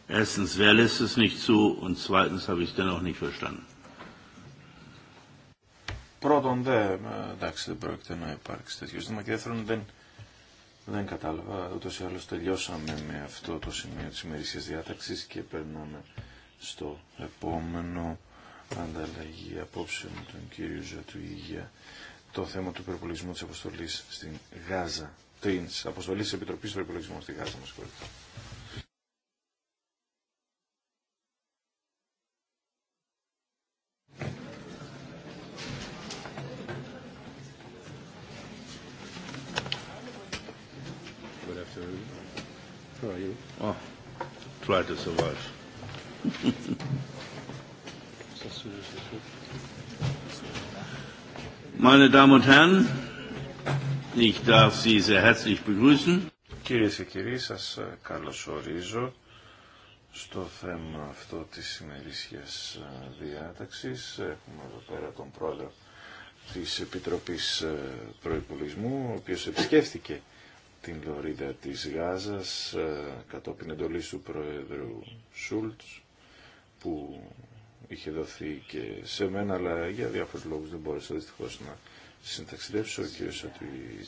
S2: Erstens, wer lässt es nicht zu? Und zweitens habe ich es dennoch nicht verstanden.
S1: Πρώτον, δε, εντάξει, δεν πρόκειται να υπάρξει τέτοιο ζήτημα και δεύτερον, δεν, κατάλαβα. Ούτω ή άλλω τελειώσαμε με αυτό το σημείο τη ημερήσια διάταξη και περνάμε στο επόμενο ανταλλαγή απόψεων με τον κύριο Ζωτουή για το θέμα του υπερπολισμού τη αποστολή στην Γάζα. Τη αποστολή τη Επιτροπή του Υπερπολισμού στη Γάζα, μα
S2: Oh, to survive.
S1: Meine Damen und Herren, ich darf Sie sehr herzlich
S2: begrüßen.
S1: Κυρίες και κύριοι, σας καλωσορίζω στο θέμα αυτό της ημερήσιας ε, διάταξης. Έχουμε εδώ πέρα τον πρόεδρο της Επιτροπής ε, Προϋπολογισμού, ο οποίος επισκέφθηκε στην Λωρίδα της Γάζας ε, κατόπιν εντολής του Προέδρου Σούλτς που είχε δοθεί και σε μένα αλλά για διάφορους λόγους δεν μπόρεσα δυστυχώς να συνταξιδεύσω και ότι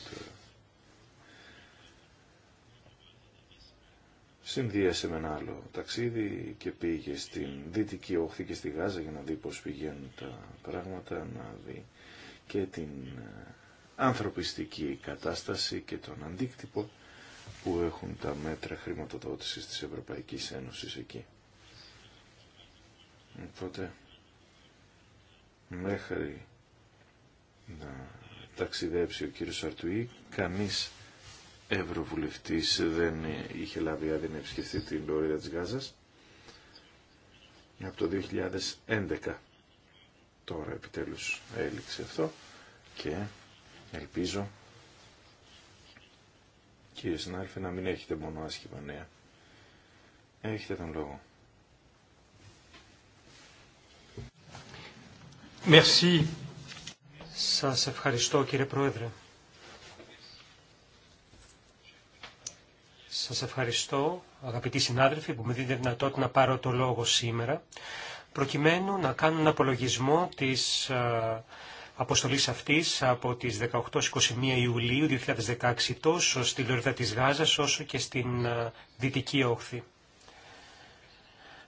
S1: συνδύασε με ένα άλλο ταξίδι και πήγε στην Δυτική Όχθη και στη Γάζα για να δει πώς πηγαίνουν τα πράγματα, να δει και την ε, ανθρωπιστική κατάσταση και τον αντίκτυπο που έχουν τα μέτρα χρηματοδότησης της Ευρωπαϊκής Ένωσης εκεί. Οπότε, μέχρι να ταξιδέψει ο κύριος Σαρτουή κανείς ευρωβουλευτής δεν είχε λάβει άδεια να επισκεφθεί την Λόριδα της Γάζας από το 2011. Τώρα επιτέλους έληξε αυτό και Ελπίζω, κύριε συνάδελφε, να μην έχετε μόνο άσχημα νέα. Έχετε τον λόγο.
S3: Merci. Σας ευχαριστώ κύριε Πρόεδρε. Σας ευχαριστώ αγαπητοί συνάδελφοι που με δίνετε δυνατότητα να πάρω το λόγο σήμερα προκειμένου να κάνω ένα απολογισμό της ε, Αποστολή αυτής από τις 18-21 Ιουλίου 2016 τόσο στη Λωρίδα της Γάζας όσο και στην ε, Δυτική Όχθη.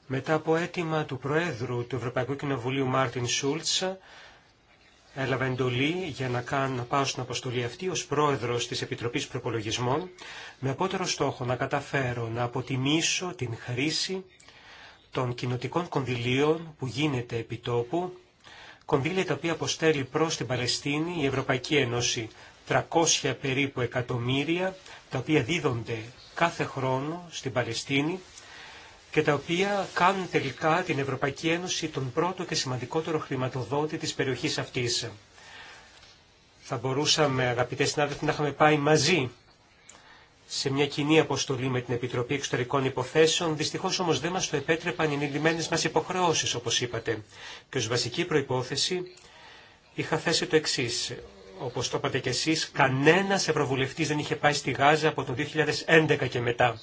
S3: Μετά από αίτημα του Προέδρου του Ευρωπαϊκού Κοινοβουλίου Μάρτιν Σούλτ, έλαβα εντολή για να, κάνω, να πάω στην αποστολή αυτή ως πρόεδρος της Επιτροπής Προπολογισμών, με απότερο στόχο να καταφέρω να αποτιμήσω την χρήση των κοινοτικών κονδυλίων που γίνεται επί τόπου κονδύλια τα οποία αποστέλει προς την Παλαιστίνη η Ευρωπαϊκή Ένωση. 300 περίπου εκατομμύρια τα οποία δίδονται κάθε χρόνο στην Παλαιστίνη και τα οποία κάνουν τελικά την Ευρωπαϊκή Ένωση τον πρώτο και σημαντικότερο χρηματοδότη της περιοχής αυτής. Θα μπορούσαμε αγαπητές συνάδελφοι να είχαμε πάει μαζί σε μια κοινή αποστολή με την Επιτροπή Εξωτερικών Υποθέσεων, δυστυχώ όμω δεν μα το επέτρεπαν οι ενηλυμένε μα υποχρεώσει, όπω είπατε. Και ω βασική προπόθεση είχα θέσει το εξή. Όπω το είπατε κι εσεί, κανένα Ευρωβουλευτή δεν είχε πάει στη Γάζα από το 2011 και μετά.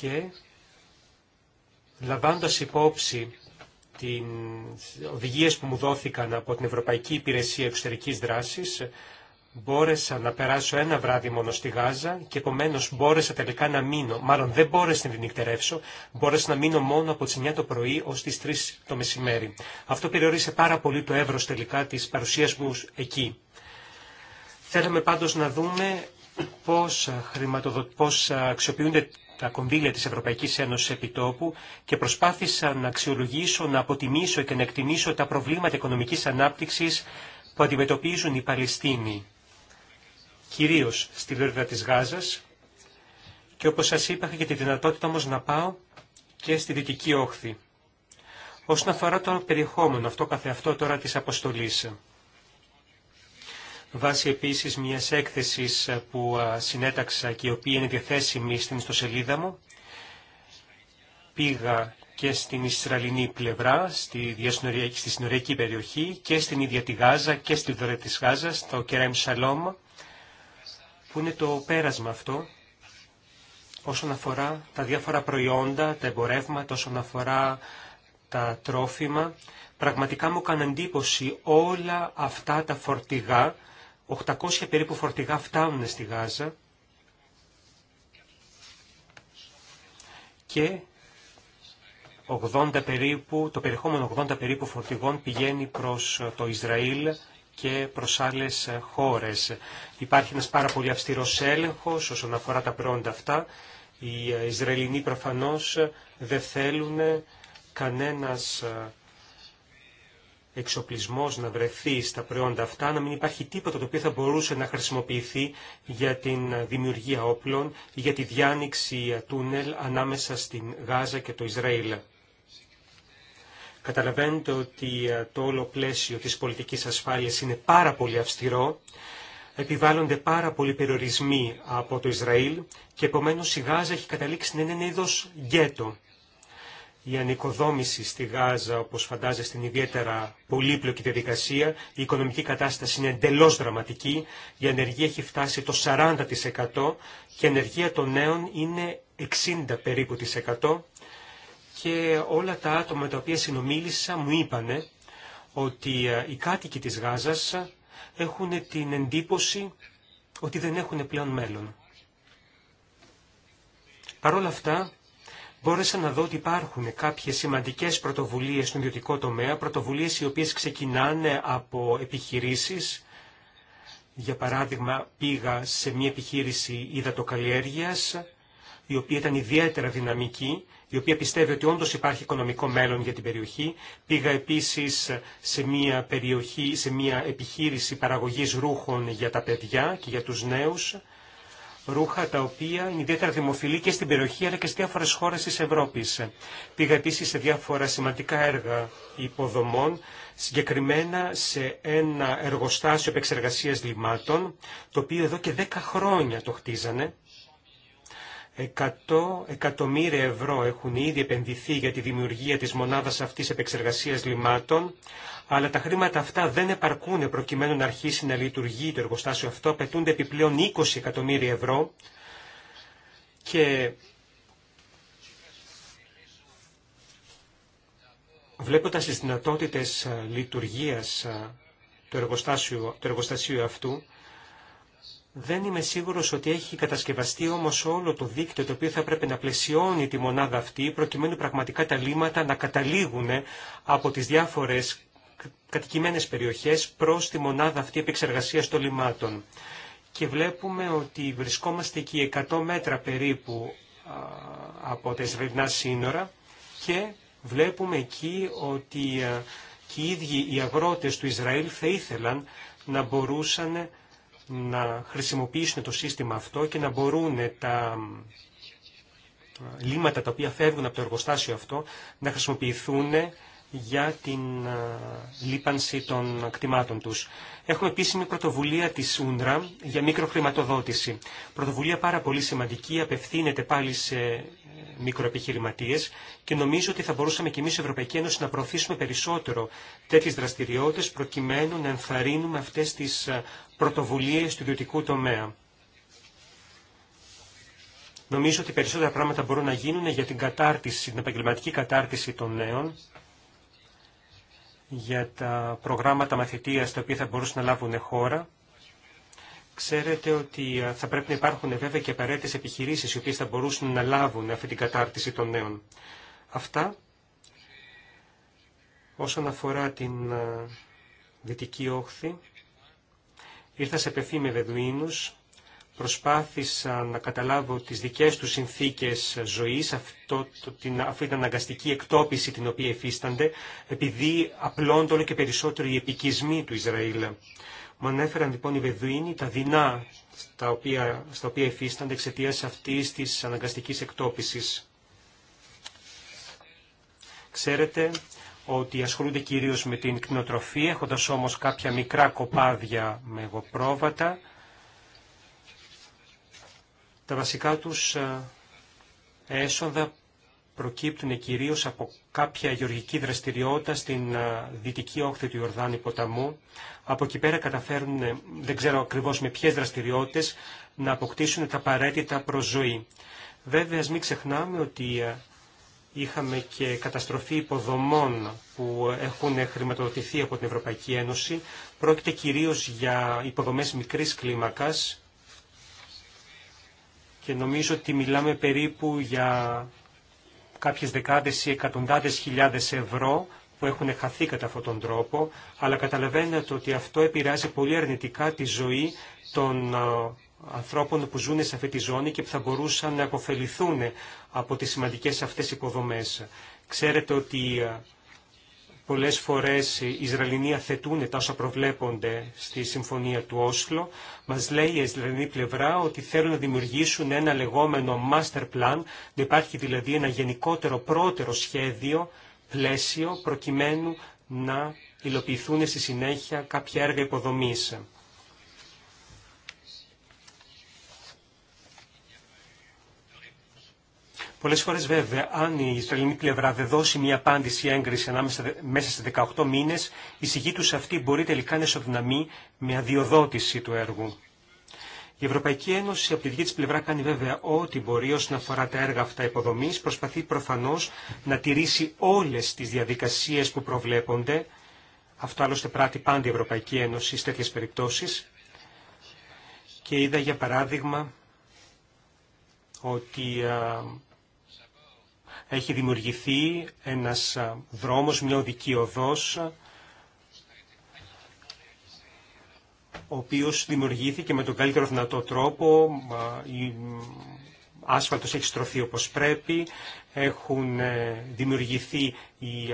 S3: Και λαμβάνοντα υπόψη τις οδηγίες που μου δόθηκαν από την Ευρωπαϊκή Υπηρεσία Εξωτερικής Δράσης, Μπόρεσα να περάσω ένα βράδυ μόνο στη Γάζα και επομένω μπόρεσα τελικά να μείνω, μάλλον δεν μπόρεσα να την νυχτερεύσω, μπόρεσα να μείνω μόνο από τι 9 το πρωί ω τι 3 το μεσημέρι. Αυτό περιορίσε πάρα πολύ το εύρο τελικά τη παρουσία μου εκεί. Θέλαμε πάντως να δούμε πώ αξιοποιούνται τα κονδύλια της Ευρωπαϊκής Ένωσης επιτόπου και προσπάθησα να αξιολογήσω, να αποτιμήσω και να εκτιμήσω τα προβλήματα οικονομικής ανάπτυξης που αντιμετωπίζουν οι Παλαιστίνοι κυρίως στη Λόριδα της Γάζας και όπως σας είπα είχα και τη δυνατότητα όμως να πάω και στη Δυτική Όχθη. Όσον αφορά το περιεχόμενο αυτό καθεαυτό τώρα της αποστολής. Βάσει επίσης μιας έκθεσης που συνέταξα και η οποία είναι διαθέσιμη στην ιστοσελίδα μου, πήγα και στην Ισραηλινή πλευρά, στη, στη συνοριακή περιοχή και στην ίδια τη Γάζα και στη δωρεά της Γάζας, στο Κεραίμ Σαλόμ που είναι το πέρασμα αυτό όσον αφορά τα διάφορα προϊόντα, τα εμπορεύματα, όσον αφορά τα τρόφιμα. Πραγματικά μου έκανε εντύπωση όλα αυτά τα φορτηγά, 800 περίπου φορτηγά φτάνουν στη Γάζα και 80 περίπου, το περιεχόμενο 80 περίπου φορτηγών πηγαίνει προς το Ισραήλ και προ άλλε ε, χώρες. Υπάρχει ένας πάρα πολύ αυστηρός έλεγχος όσον αφορά τα προϊόντα αυτά. Οι ε, Ισραηλινοί προφανώς ε, δεν θέλουν κανένας εξοπλισμός να βρεθεί στα προϊόντα αυτά, να μην υπάρχει τίποτα το οποίο θα μπορούσε να χρησιμοποιηθεί για την δημιουργία όπλων ή για τη διάνοιξη τούνελ ανάμεσα στην Γάζα και το Ισραήλ. Καταλαβαίνετε ότι ε, το όλο πλαίσιο της πολιτικής ασφάλειας είναι πάρα πολύ αυστηρό, επιβάλλονται πάρα πολλοί περιορισμοί από το Ισραήλ και επομένως η Γάζα έχει καταλήξει να είναι ένα είδος γκέτο. Η ανοικοδόμηση στη Γάζα, όπως φαντάζεστε, είναι ιδιαίτερα πολύπλοκη διαδικασία. Η οικονομική κατάσταση είναι εντελώς δραματική. Η ανεργία έχει φτάσει το 40% και η ανεργία των νέων είναι 60 περίπου και όλα τα άτομα τα οποία συνομίλησα μου είπανε ότι ε, οι κάτοικοι της Γάζας έχουν την εντύπωση ότι δεν έχουν πλέον μέλλον. Παρ' όλα αυτά, μπόρεσα να δω ότι υπάρχουν κάποιες σημαντικές πρωτοβουλίες στον ιδιωτικό τομέα, πρωτοβουλίες οι οποίες ξεκινάνε από επιχειρήσεις. Για παράδειγμα, πήγα σε μια επιχείρηση υδατοκαλλιέργειας, η οποία ήταν ιδιαίτερα δυναμική η οποία πιστεύει ότι όντω υπάρχει οικονομικό μέλλον για την περιοχή. Πήγα επίση σε μια, περιοχή, σε μια επιχείρηση παραγωγή ρούχων για τα παιδιά και για του νέου, Ρούχα τα οποία είναι ιδιαίτερα δημοφιλή και στην περιοχή αλλά και σε διάφορε χώρε τη Ευρώπη. Πήγα επίση σε διάφορα σημαντικά έργα υποδομών, συγκεκριμένα σε ένα εργοστάσιο επεξεργασία λιμάτων, το οποίο εδώ και 10 χρόνια το χτίζανε 100 εκατομμύρια ευρώ έχουν ήδη επενδυθεί για τη δημιουργία της μονάδας αυτής επεξεργασίας λιμάτων, αλλά τα χρήματα αυτά δεν επαρκούν προκειμένου να αρχίσει να λειτουργεί το εργοστάσιο αυτό. απαιτούνται επιπλέον 20 εκατομμύρια ευρώ και βλέποντας τις δυνατότητες ε, λειτουργίας ε, του εργοστασίου, του εργοστασίου αυτού, δεν είμαι σίγουρος ότι έχει κατασκευαστεί όμως όλο το δίκτυο το οποίο θα πρέπει να πλαισιώνει τη μονάδα αυτή προκειμένου πραγματικά τα λιμάτα να καταλήγουν από τις διάφορες κατοικημένες περιοχές προς τη μονάδα αυτή επεξεργασίας των λιμάτων. Και βλέπουμε ότι βρισκόμαστε εκεί 100 μέτρα περίπου από τα Ισραηλινά σύνορα και βλέπουμε εκεί ότι και οι ίδιοι οι αγρότες του Ισραήλ θα ήθελαν να μπορούσαν να χρησιμοποιήσουν το σύστημα αυτό και να μπορούν τα ε, λίμματα τα οποία φεύγουν από το εργοστάσιο αυτό να χρησιμοποιηθούν για την ε, λίπανση των κτημάτων τους. Έχουμε επίσημη πρωτοβουλία της Ούντρα για μικροχρηματοδότηση. Πρωτοβουλία πάρα πολύ σημαντική, απευθύνεται πάλι σε ε, μικροεπιχειρηματίες και νομίζω ότι θα μπορούσαμε και εμείς η Ευρωπαϊκή Ένωση να προωθήσουμε περισσότερο τέτοιες δραστηριότητες προκειμένου να ενθαρρύνουμε αυτές τις ε, πρωτοβουλίες του ιδιωτικού τομέα. Νομίζω ότι περισσότερα πράγματα μπορούν να γίνουν για την κατάρτιση, την επαγγελματική κατάρτιση των νέων για τα προγράμματα μαθητείας τα οποία θα μπορούσαν να λάβουν χώρα. Ξέρετε ότι ε, θα πρέπει να υπάρχουν βέβαια και απαραίτητε επιχειρήσεις οι οποίες θα μπορούσαν να λάβουν αυτή την κατάρτιση των νέων. Αυτά όσον αφορά την ε, Δυτική Όχθη. Ήρθα σε επαφή με Βεδουίνους προσπάθησα να καταλάβω τις δικές του συνθήκες ζωής, αυτό, την, αυτή την αναγκαστική εκτόπιση την οποία υφίστανται, επειδή απλώνται όλο και περισσότερο οι επικισμοί του Ισραήλ. Μου ανέφεραν λοιπόν οι Βεδουίνοι τα δεινά στα οποία, στα οποία υφίστανται εξαιτία αυτής της αναγκαστική εκτόπισης. Ξέρετε ότι ασχολούνται κυρίως με την κτηνοτροφία, έχοντας όμως κάποια μικρά κοπάδια με εγωπρόβατα, τα βασικά τους ε, έσοδα προκύπτουν κυρίως από κάποια γεωργική δραστηριότητα στην ε, δυτική όχθη του Ιορδάνη ποταμού. Από εκεί πέρα καταφέρουν, ε, δεν ξέρω ακριβώς με ποιες δραστηριότητες, να αποκτήσουν τα απαραίτητα προζωή. Βέβαια, μην ξεχνάμε ότι είχαμε και καταστροφή υποδομών που έχουν χρηματοδοτηθεί από την Ευρωπαϊκή Ένωση. Πρόκειται κυρίως για υποδομές μικρής κλίμακας, και νομίζω ότι μιλάμε περίπου για κάποιες δεκάδες ή εκατοντάδες χιλιάδες ευρώ που έχουν χαθεί κατά αυτόν τον τρόπο, αλλά καταλαβαίνετε ότι αυτό επηρεάζει πολύ αρνητικά τη ζωή των ανθρώπων που ζουν σε αυτή τη ζώνη και που θα μπορούσαν να αποφεληθούν από τις σημαντικές αυτές υποδομές. Ξέρετε ότι Πολλές φορές οι Ισραηλοί αθετούν τα όσα προβλέπονται στη Συμφωνία του Όσλο. Μας λέει η Ισραηλινή πλευρά ότι θέλουν να δημιουργήσουν ένα λεγόμενο master plan, να υπάρχει δηλαδή ένα γενικότερο πρώτερο σχέδιο, πλαίσιο, προκειμένου να υλοποιηθούν στη συνέχεια κάποια έργα υποδομής. Πολλέ φορέ βέβαια, αν η Ισραηλινή πλευρά δεν δώσει μια απάντηση έγκριση ανάμεσα μέσα σε 18 μήνε, η σιγή του αυτή μπορεί τελικά να ισοδυναμεί με αδειοδότηση του έργου. Η Ευρωπαϊκή Ένωση από τη δική τη πλευρά κάνει βέβαια ό,τι μπορεί όσον αφορά τα έργα αυτά υποδομή. Προσπαθεί προφανώ να τηρήσει όλε τι διαδικασίε που προβλέπονται. Αυτό άλλωστε πράττει πάντα η Ευρωπαϊκή Ένωση σε τέτοιε περιπτώσει. Και είδα για παράδειγμα ότι έχει δημιουργηθεί ένας δρόμος, μια οδική οδός, ο οποίος δημιουργήθηκε με τον καλύτερο δυνατό τρόπο, η άσφαλτος έχει στρωθεί όπως πρέπει, έχουν ε, δημιουργηθεί οι,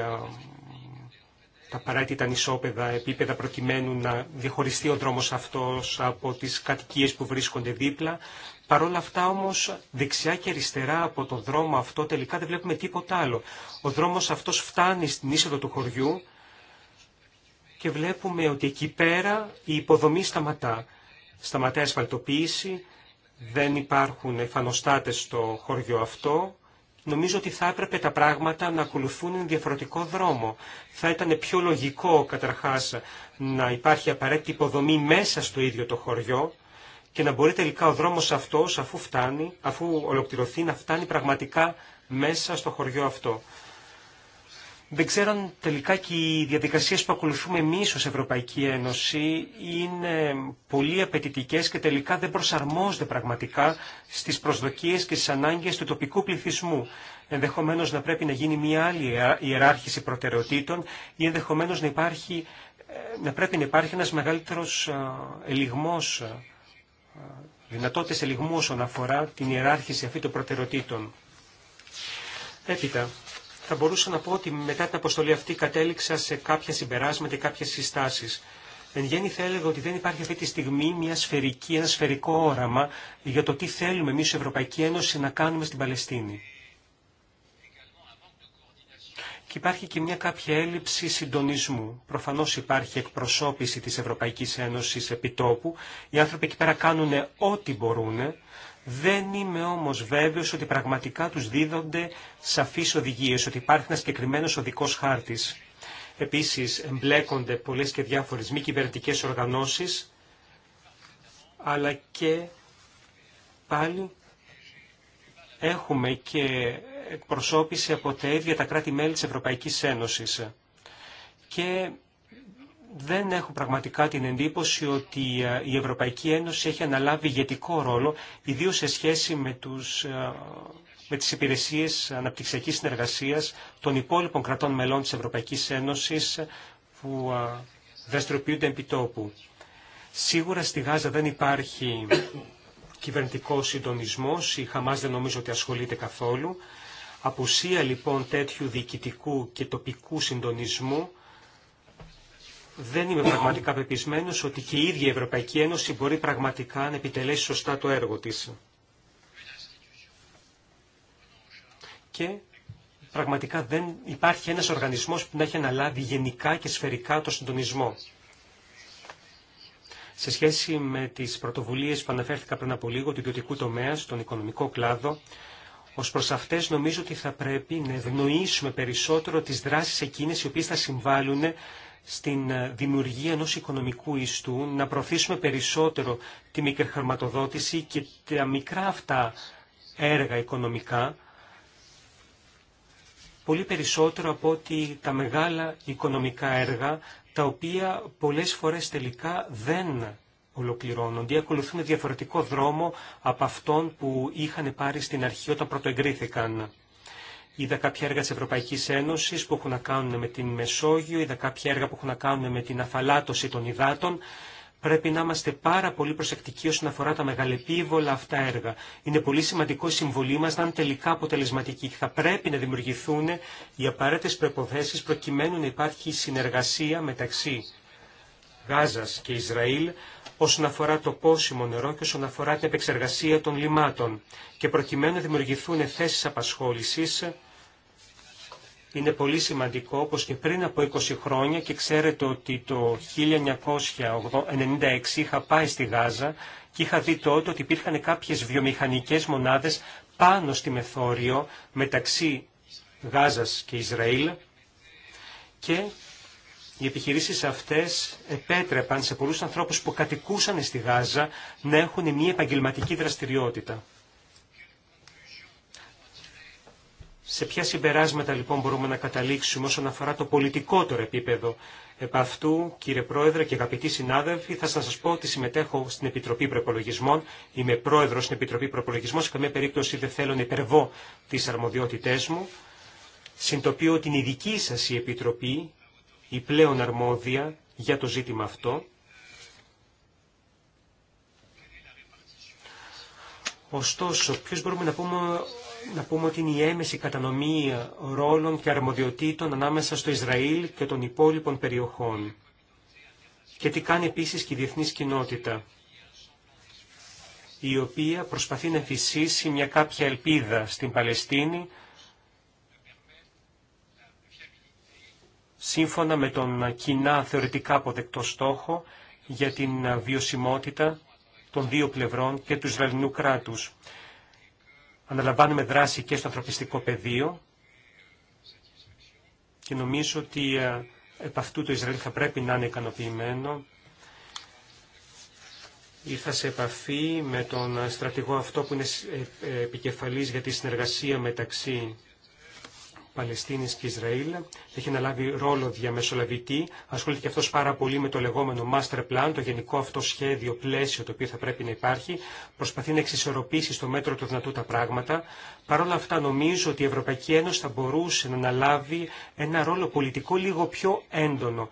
S3: τα παράτητα νησόπεδα επίπεδα προκειμένου να διαχωριστεί ο δρόμος αυτός από τις κατοικίες που βρίσκονται δίπλα. Παρ' όλα αυτά όμως δεξιά και αριστερά από το δρόμο αυτό τελικά δεν βλέπουμε τίποτα άλλο. Ο δρόμος αυτός φτάνει στην είσοδο του χωριού και βλέπουμε ότι εκεί πέρα η υποδομή σταματά. η ασφαλτοποίηση, δεν υπάρχουν φανοστάτες στο χωριό αυτό. Νομίζω ότι θα έπρεπε τα πράγματα να ακολουθούν διαφορετικό δρόμο. Θα ήταν πιο λογικό καταρχάς να υπάρχει απαραίτητη υποδομή μέσα στο ίδιο το χωριό, και να μπορεί τελικά ο δρόμος αυτός, αφού, φτάνει, αφού ολοκληρωθεί, να φτάνει πραγματικά μέσα στο χωριό αυτό. Δεν ξέρω αν τελικά και οι διαδικασίες που ακολουθούμε εμείς ως Ευρωπαϊκή Ένωση είναι πολύ απαιτητικέ και τελικά δεν προσαρμόζονται πραγματικά στις προσδοκίες και στις ανάγκες του τοπικού πληθυσμού. Ενδεχομένως να πρέπει να γίνει μια άλλη ιεράρχηση προτεραιοτήτων ή ενδεχομένως να, υπάρχει, ε, να πρέπει να υπάρχει ένας μεγαλύτερος ε, ελιγμός ε, δυνατότητες ελιγμού όσον αφορά την ιεράρχηση αυτή των προτεραιοτήτων. Έπειτα, θα μπορούσα να πω ότι μετά την αποστολή αυτή κατέληξα σε κάποια συμπεράσματα και κάποιες συστάσεις. Εν γέννη θα έλεγα ότι δεν υπάρχει αυτή τη στιγμή μια σφαιρική, ένα σφαιρικό όραμα για το τι θέλουμε εμείς η Ευρωπαϊκή Ένωση να κάνουμε στην Παλαιστίνη και υπάρχει και μια κάποια έλλειψη συντονισμού. Προφανώς υπάρχει εκπροσώπηση της Ευρωπαϊκής Ένωσης τόπου. Οι άνθρωποι εκεί πέρα κάνουν ό,τι μπορούν. Δεν είμαι όμως βέβαιος ότι πραγματικά τους δίδονται σαφείς οδηγίες, ότι υπάρχει ένα συγκεκριμένο οδικός χάρτης. Επίσης εμπλέκονται πολλές και διάφορες μη κυβερνητικέ οργανώσεις, αλλά και πάλι έχουμε και εκπροσώπηση από τα ίδια τα κράτη-μέλη της Ευρωπαϊκής Ένωσης. Και δεν έχω πραγματικά την εντύπωση ότι ε, η Ευρωπαϊκή Ένωση έχει αναλάβει ηγετικό ρόλο, ιδίως σε σχέση με, τους, ε, με τις υπηρεσίες αναπτυξιακής συνεργασίας των υπόλοιπων κρατών μελών της Ευρωπαϊκής Ένωσης που ε, δραστηριοποιούνται επί τόπου. Σίγουρα στη Γάζα δεν υπάρχει κυβερνητικό συντονισμό. Η Χαμάς δεν νομίζω ότι ασχολείται καθόλου. Απουσία λοιπόν τέτοιου διοικητικού και τοπικού συντονισμού δεν είμαι πραγματικά πεπισμένο ότι και η ίδια η Ευρωπαϊκή Ένωση μπορεί πραγματικά να επιτελέσει σωστά το έργο της. Και πραγματικά δεν υπάρχει ένας οργανισμός που να έχει αναλάβει γενικά και σφαιρικά το συντονισμό. Σε σχέση με τις πρωτοβουλίες που αναφέρθηκα πριν από λίγο του ιδιωτικού τομέα, στον οικονομικό κλάδο, ως προς αυτές νομίζω ότι θα πρέπει να ευνοήσουμε περισσότερο τις δράσεις εκείνες οι οποίες θα συμβάλλουν στην ε, δημιουργία ενός οικονομικού ιστού, να προωθήσουμε περισσότερο τη μικροχρηματοδότηση και τα μικρά αυτά έργα οικονομικά, πολύ περισσότερο από ότι τα μεγάλα οικονομικά έργα, τα οποία πολλές φορές τελικά δεν ολοκληρώνονται ή ακολουθούν διαφορετικό δρόμο από αυτόν που είχαν πάρει στην αρχή όταν πρωτοεγκρίθηκαν. Είδα κάποια έργα της Ευρωπαϊκής Ένωσης που έχουν να κάνουν με την Μεσόγειο, είδα κάποια έργα που έχουν να κάνουν με την αφαλάτωση των υδάτων. Πρέπει να είμαστε πάρα πολύ προσεκτικοί όσον αφορά τα μεγαλεπίβολα αυτά έργα. Είναι πολύ σημαντικό η συμβολή μα να είναι τελικά αποτελεσματική θα πρέπει να δημιουργηθούν οι απαραίτητε προποθέσει προκειμένου να υπάρχει συνεργασία μεταξύ Γάζας και Ισραήλ όσον αφορά το πόσιμο νερό και όσον αφορά την επεξεργασία των λιμάτων. Και προκειμένου να δημιουργηθούν θέσεις απασχόλησης, είναι πολύ σημαντικό, όπως και πριν από 20 χρόνια, και ξέρετε ότι το 1996 είχα πάει στη Γάζα και είχα δει τότε ότι υπήρχαν κάποιες βιομηχανικές μονάδες πάνω στη Μεθόριο μεταξύ Γάζας και Ισραήλ και οι επιχειρήσεις αυτές επέτρεπαν σε πολλούς ανθρώπους που κατοικούσαν στη Γάζα να έχουν μια επαγγελματική δραστηριότητα. Σε ποια συμπεράσματα λοιπόν μπορούμε να καταλήξουμε όσον αφορά το πολιτικότερο επίπεδο. Επ' αυτού, κύριε Πρόεδρε και αγαπητοί συνάδελφοι, θα σας πω ότι συμμετέχω στην Επιτροπή Προπολογισμών. Είμαι πρόεδρος στην Επιτροπή Προπολογισμών. Σε καμία περίπτωση δεν θέλω να υπερβώ τις αρμοδιότητές μου. Συντοπίω ότι είναι η δική σας η Επιτροπή η πλέον αρμόδια για το ζήτημα αυτό. Ωστόσο, ποιος μπορούμε να πούμε, να πούμε ότι είναι η έμεση κατανομή ρόλων και αρμοδιοτήτων ανάμεσα στο Ισραήλ και των υπόλοιπων περιοχών. Και τι κάνει επίσης και η διεθνής κοινότητα, η οποία προσπαθεί να φυσήσει μια κάποια ελπίδα στην Παλαιστίνη, σύμφωνα με τον κοινά θεωρητικά αποδεκτό στόχο για την βιωσιμότητα των δύο πλευρών και του Ισραηλινού κράτους. Αναλαμβάνουμε δράση και στο ανθρωπιστικό πεδίο και νομίζω ότι ε, επ' αυτού το Ισραήλ θα πρέπει να είναι ικανοποιημένο. Ήρθα σε επαφή με τον στρατηγό αυτό που είναι ε, ε, επικεφαλής για τη συνεργασία μεταξύ Παλαιστίνης και Ισραήλ. Έχει αναλάβει ρόλο διαμεσολαβητή. Ασχολείται και αυτός πάρα πολύ με το λεγόμενο master plan, το γενικό αυτό σχέδιο πλαίσιο το οποίο θα πρέπει να υπάρχει. Προσπαθεί να εξισορροπήσει στο μέτρο του δυνατού τα πράγματα. Παρ' όλα αυτά νομίζω ότι η Ευρωπαϊκή Ένωση θα μπορούσε να αναλάβει ένα ρόλο πολιτικό λίγο πιο έντονο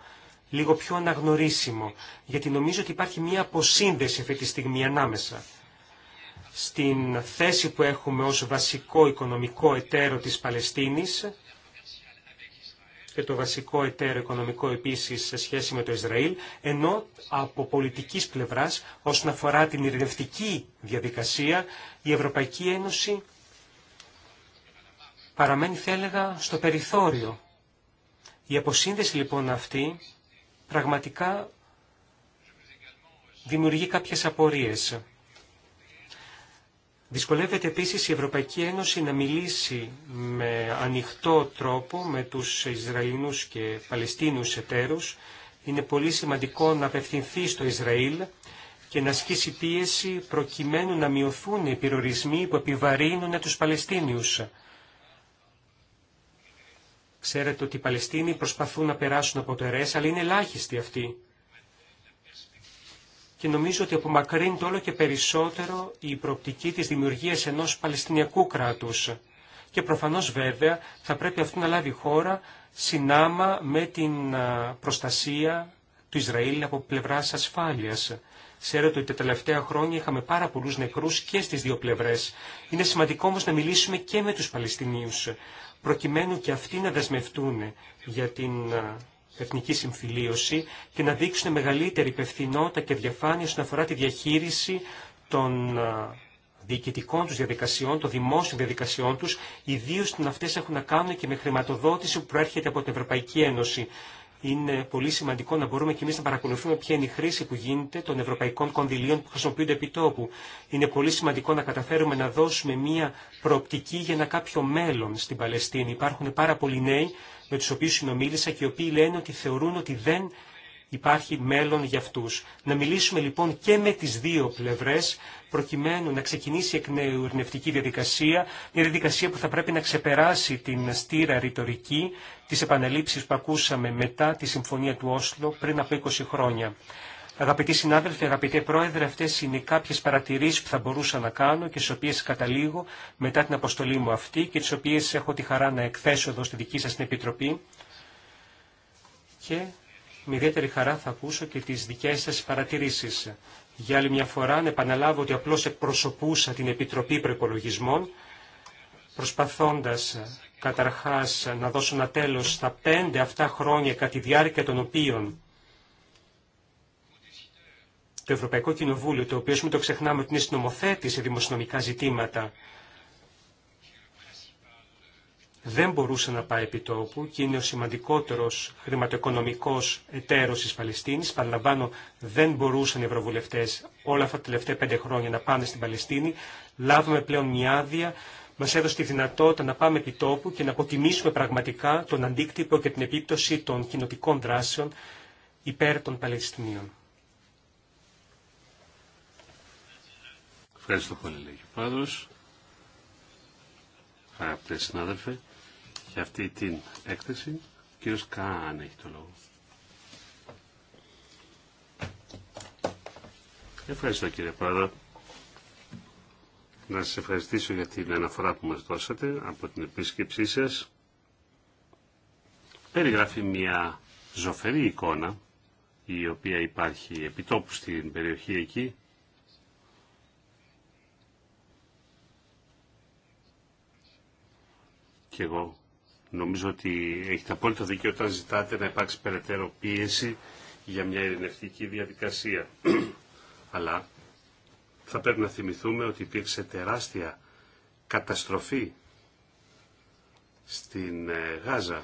S3: λίγο πιο αναγνωρίσιμο, γιατί νομίζω ότι υπάρχει μια αποσύνδεση αυτή τη στιγμή ανάμεσα στην θέση που έχουμε ως βασικό οικονομικό εταίρο της Παλαιστίνης και το βασικό εταίρο οικονομικό επίσης σε σχέση με το Ισραήλ, ενώ από πολιτικής πλευράς όσον αφορά την ειρηνευτική διαδικασία η Ευρωπαϊκή Ένωση παραμένει θα έλεγα στο περιθώριο. Η αποσύνδεση λοιπόν αυτή πραγματικά δημιουργεί κάποιες απορίες. Δυσκολεύεται επίσης η Ευρωπαϊκή Ένωση να μιλήσει με ανοιχτό τρόπο με τους Ισραηλινούς και Παλαιστίνους εταίρους. Είναι πολύ σημαντικό να απευθυνθεί στο Ισραήλ και να ασκήσει πίεση προκειμένου να μειωθούν οι περιορισμοί που επιβαρύνουν τους Παλαιστίνιους. Ξέρετε ότι οι Παλαιστίνοι προσπαθούν να περάσουν από το ΕΡΕΣ, αλλά είναι ελάχιστοι αυτοί και νομίζω ότι απομακρύνεται όλο και περισσότερο η προοπτική της δημιουργίας ενός Παλαιστινιακού κράτους. Και προφανώς βέβαια θα πρέπει αυτό να λάβει χώρα συνάμα με την προστασία του Ισραήλ από πλευράς ασφάλειας. Ξέρετε ότι τα τελευταία χρόνια είχαμε πάρα πολλούς νεκρούς και στις δύο πλευρές. Είναι σημαντικό όμως να μιλήσουμε και με τους Παλαιστινίους, προκειμένου και αυτοί να δεσμευτούν για την εθνική συμφιλίωση και να δείξουν μεγαλύτερη υπευθυνότητα και διαφάνεια όσον αφορά τη διαχείριση των διοικητικών του διαδικασιών, των δημόσιων διαδικασιών του, ιδίω όταν αυτέ έχουν να κάνουν και με χρηματοδότηση που προέρχεται από την Ευρωπαϊκή Ένωση. Είναι πολύ σημαντικό να μπορούμε και εμεί να παρακολουθούμε ποια είναι η χρήση που γίνεται των ευρωπαϊκών κονδυλίων που χρησιμοποιούνται επί τόπου. Είναι πολύ σημαντικό να καταφέρουμε να δώσουμε μία προοπτική για ένα κάποιο μέλλον στην Παλαιστίνη. Υπάρχουν πάρα πολλοί νέοι με τους οποίους συνομίλησα και οι οποίοι λένε ότι θεωρούν ότι δεν υπάρχει μέλλον για αυτούς. Να μιλήσουμε λοιπόν και με τις δύο πλευρές προκειμένου να ξεκινήσει εκ νέου διαδικασία, μια διαδικασία που θα πρέπει να ξεπεράσει την στήρα ρητορική, της επαναλήψης που ακούσαμε μετά τη Συμφωνία του Όσλο πριν από 20 χρόνια. Αγαπητοί συνάδελφοι, αγαπητέ πρόεδρε, αυτέ είναι κάποιε παρατηρήσει που θα μπορούσα να κάνω και τις οποίε καταλήγω μετά την αποστολή μου αυτή και τι οποίε έχω τη χαρά να εκθέσω εδώ στη δική σα την Επιτροπή. Και με ιδιαίτερη χαρά θα ακούσω και τι δικέ σα παρατηρήσει. Για άλλη μια φορά, να επαναλάβω ότι απλώ εκπροσωπούσα την Επιτροπή Προπολογισμών, προσπαθώντα καταρχά να δώσω ένα τέλο στα πέντε αυτά χρόνια κατά τη διάρκεια των οποίων το Ευρωπαϊκό Κοινοβούλιο, το οποίο μην το ξεχνάμε ότι είναι συνομοθέτη σε δημοσιονομικά ζητήματα, δεν μπορούσε να πάει επί τόπου και είναι ο σημαντικότερος χρηματοοικονομικός εταίρος της Παλαιστίνης. Παραλαμβάνω, δεν μπορούσαν οι ευρωβουλευτές όλα αυτά τα τελευταία πέντε χρόνια να πάνε στην Παλαιστίνη. Λάβουμε πλέον μια άδεια, μας έδωσε τη δυνατότητα να πάμε επί τόπου και να αποτιμήσουμε πραγματικά τον αντίκτυπο και την επίπτωση των κοινοτικών δράσεων υπέρ των Παλαιστινίων.
S2: Ευχαριστώ πολύ, λέγει ο Πρόεδρος. Αγαπητέ συνάδελφε, για αυτή την έκθεση, ο κύριος Καν έχει το λόγο. Ευχαριστώ κύριε Πρόεδρο. Να σας ευχαριστήσω για την αναφορά που μας δώσατε από την επίσκεψή σας. Περιγράφει μια ζωφερή εικόνα η οποία υπάρχει επιτόπου στην περιοχή εκεί και εγώ νομίζω ότι έχετε απόλυτο δίκιο όταν ζητάτε να υπάρξει περαιτέρω πίεση για μια ειρηνευτική διαδικασία. Αλλά θα πρέπει να θυμηθούμε ότι υπήρξε τεράστια καταστροφή στην ε, Γάζα.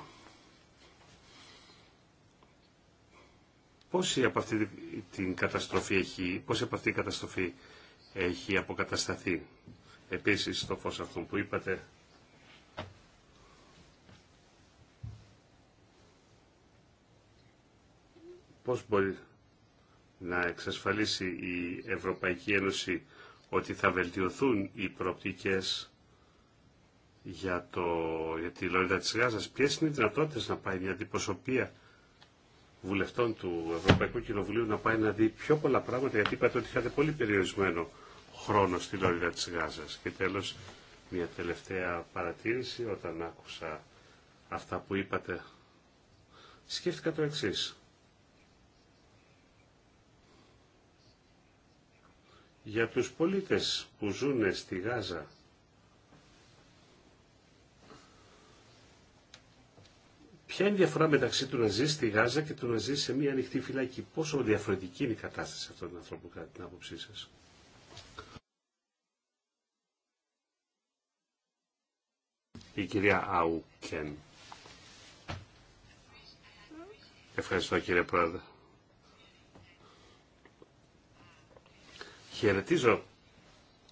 S2: Πόση από αυτή την καταστροφή έχει, από αυτή η καταστροφή έχει αποκατασταθεί. Επίσης, το φως αυτό που είπατε, πώς μπορεί να εξασφαλίσει η Ευρωπαϊκή Ένωση ότι θα βελτιωθούν οι προοπτικές για, το, για τη Λόριδα της Γάζας. Ποιες είναι οι δυνατότητες να πάει μια αντιπροσωπεία βουλευτών του Ευρωπαϊκού Κοινοβουλίου να πάει να δει πιο πολλά πράγματα, γιατί είπατε ότι είχατε πολύ περιορισμένο χρόνο στη Λόριδα της Γάζας. Και τέλος, μια τελευταία παρατήρηση, όταν άκουσα αυτά που είπατε, σκέφτηκα το εξής. για τους πολίτες που ζουν στη Γάζα. Ποια είναι η διαφορά μεταξύ του να ζει στη Γάζα και του να ζει σε μια ανοιχτή φυλακή. Πόσο διαφορετική είναι η κατάσταση αυτών των ανθρώπων κατά την άποψή σας. η κυρία Αουκέν. Ευχαριστώ κύριε Πρόεδρε. Χαιρετίζω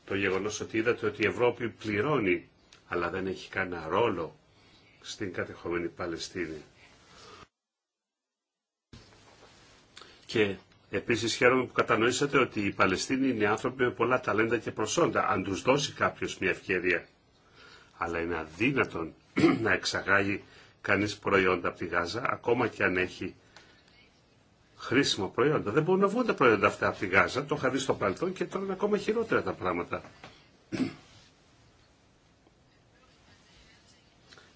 S2: το γεγονός ότι είδατε ότι η Ευρώπη πληρώνει, αλλά δεν έχει κανένα ρόλο στην κατεχόμενη Παλαιστίνη. Και επίσης χαίρομαι που κατανοήσατε ότι οι Παλαιστίνοι είναι άνθρωποι με πολλά ταλέντα και προσόντα, αν τους δώσει κάποιος μια ευκαιρία. Αλλά είναι αδύνατον να εξαγάγει κανείς προϊόντα από τη Γάζα, ακόμα και αν έχει χρήσιμο προϊόντα. Δεν μπορούν να βγουν τα προϊόντα αυτά από τη Γάζα. Το είχα δει στο παρελθόν και τώρα είναι ακόμα χειρότερα τα πράγματα.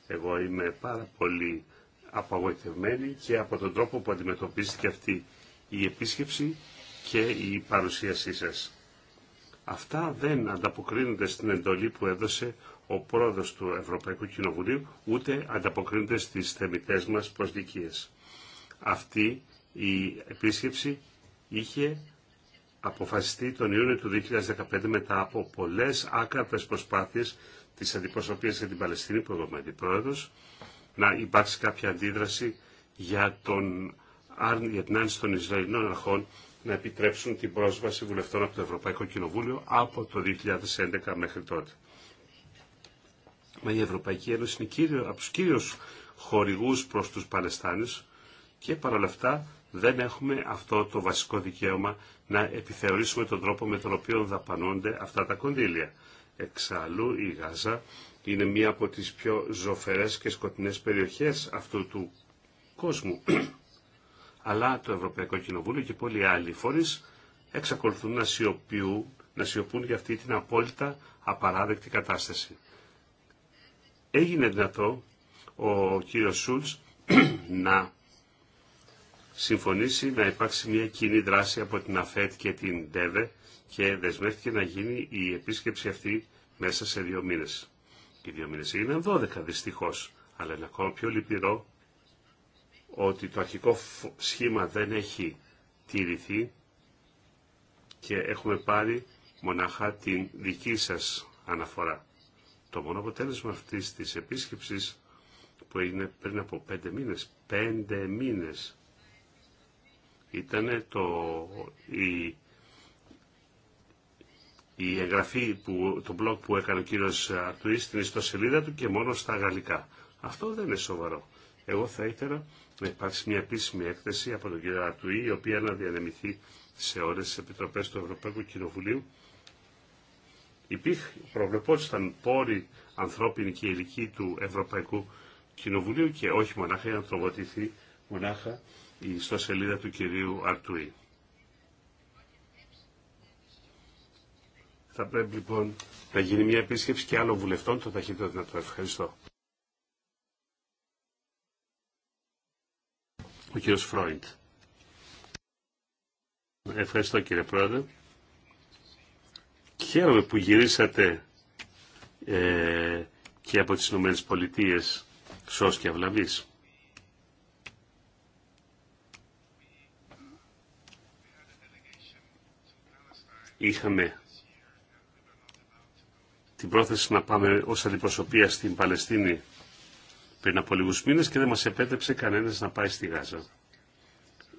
S2: Εγώ είμαι πάρα πολύ απαγοητευμένη και από τον τρόπο που αντιμετωπίστηκε αυτή η επίσκεψη και η παρουσίασή σας. Αυτά δεν ανταποκρίνονται στην εντολή που έδωσε ο πρόεδρος του Ευρωπαϊκού Κοινοβουλίου, ούτε ανταποκρίνονται στις θεμητές μας προσδικίες. Αυτή η επίσκεψη είχε αποφασιστεί τον Ιούνιο του 2015 μετά από πολλές άκρατες προσπάθειες της αντιπροσωπείας για την Παλαιστίνη που να υπάρξει κάποια αντίδραση για, τον, για την άρνηση των Ισραηλινών αρχών να επιτρέψουν την πρόσβαση βουλευτών από το Ευρωπαϊκό Κοινοβούλιο από το 2011 μέχρι τότε. Μα η Ευρωπαϊκή Ένωση είναι από τους κύριους χορηγούς προς τους Παλαιστάνιου και παρόλα αυτά δεν έχουμε αυτό το βασικό δικαίωμα να επιθεωρήσουμε τον τρόπο με τον οποίο δαπανώνται αυτά τα κονδύλια. Εξάλλου η Γάζα είναι μία από τις πιο ζωφερές και σκοτεινές περιοχές αυτού του κόσμου. Αλλά το Ευρωπαϊκό Κοινοβούλιο και πολλοί άλλοι φορείς εξακολουθούν να, να σιωπούν για αυτή την απόλυτα απαράδεκτη κατάσταση. Έγινε δυνατό ο κύριος να συμφωνήσει να υπάρξει μια κοινή δράση από την ΑΦΕΤ και την ΔΕΒΕ και δεσμεύτηκε να γίνει η επίσκεψη αυτή μέσα σε δύο μήνες. Οι δύο μήνε έγιναν 12 Δυστυχώ αλλά είναι ακόμα πιο λυπηρό ότι το αρχικό σχήμα δεν έχει τηρηθεί και έχουμε πάρει μονάχα την δική σας αναφορά. Το μόνο αποτέλεσμα αυτής της επίσκεψης που έγινε πριν από πέντε μήνες, πέντε μήνες ήταν το, η, η εγγραφή, που, το blog που έκανε ο κύριος Αρτουή στην ιστοσελίδα του και μόνο στα γαλλικά. Αυτό δεν είναι σοβαρό. Εγώ θα ήθελα να υπάρξει μια επίσημη έκθεση από τον κύριο Αρτουή, η οποία να διανεμηθεί σε όλες τις επιτροπές του Ευρωπαϊκού Κοινοβουλίου. Υπήρχε προβλεπόταν πόροι ανθρώπινη και ηλική του Ευρωπαϊκού Κοινοβουλίου και όχι μονάχα για να μονάχα η ιστοσελίδα του κυρίου Αρτουή. Θα πρέπει λοιπόν να γίνει μια επίσκεψη και άλλων βουλευτών το ταχύτερο δυνατό. Ευχαριστώ. Ο κύριος Φρόιντ. Ευχαριστώ κύριε Πρόεδρε. Χαίρομαι που γυρίσατε ε, και από τις Ηνωμένες Πολιτείες σώσκια και είχαμε την πρόθεση να πάμε ως αντιπροσωπεία στην Παλαιστίνη πριν από λίγους μήνες και δεν μας επέτρεψε κανένας να πάει στη Γάζα.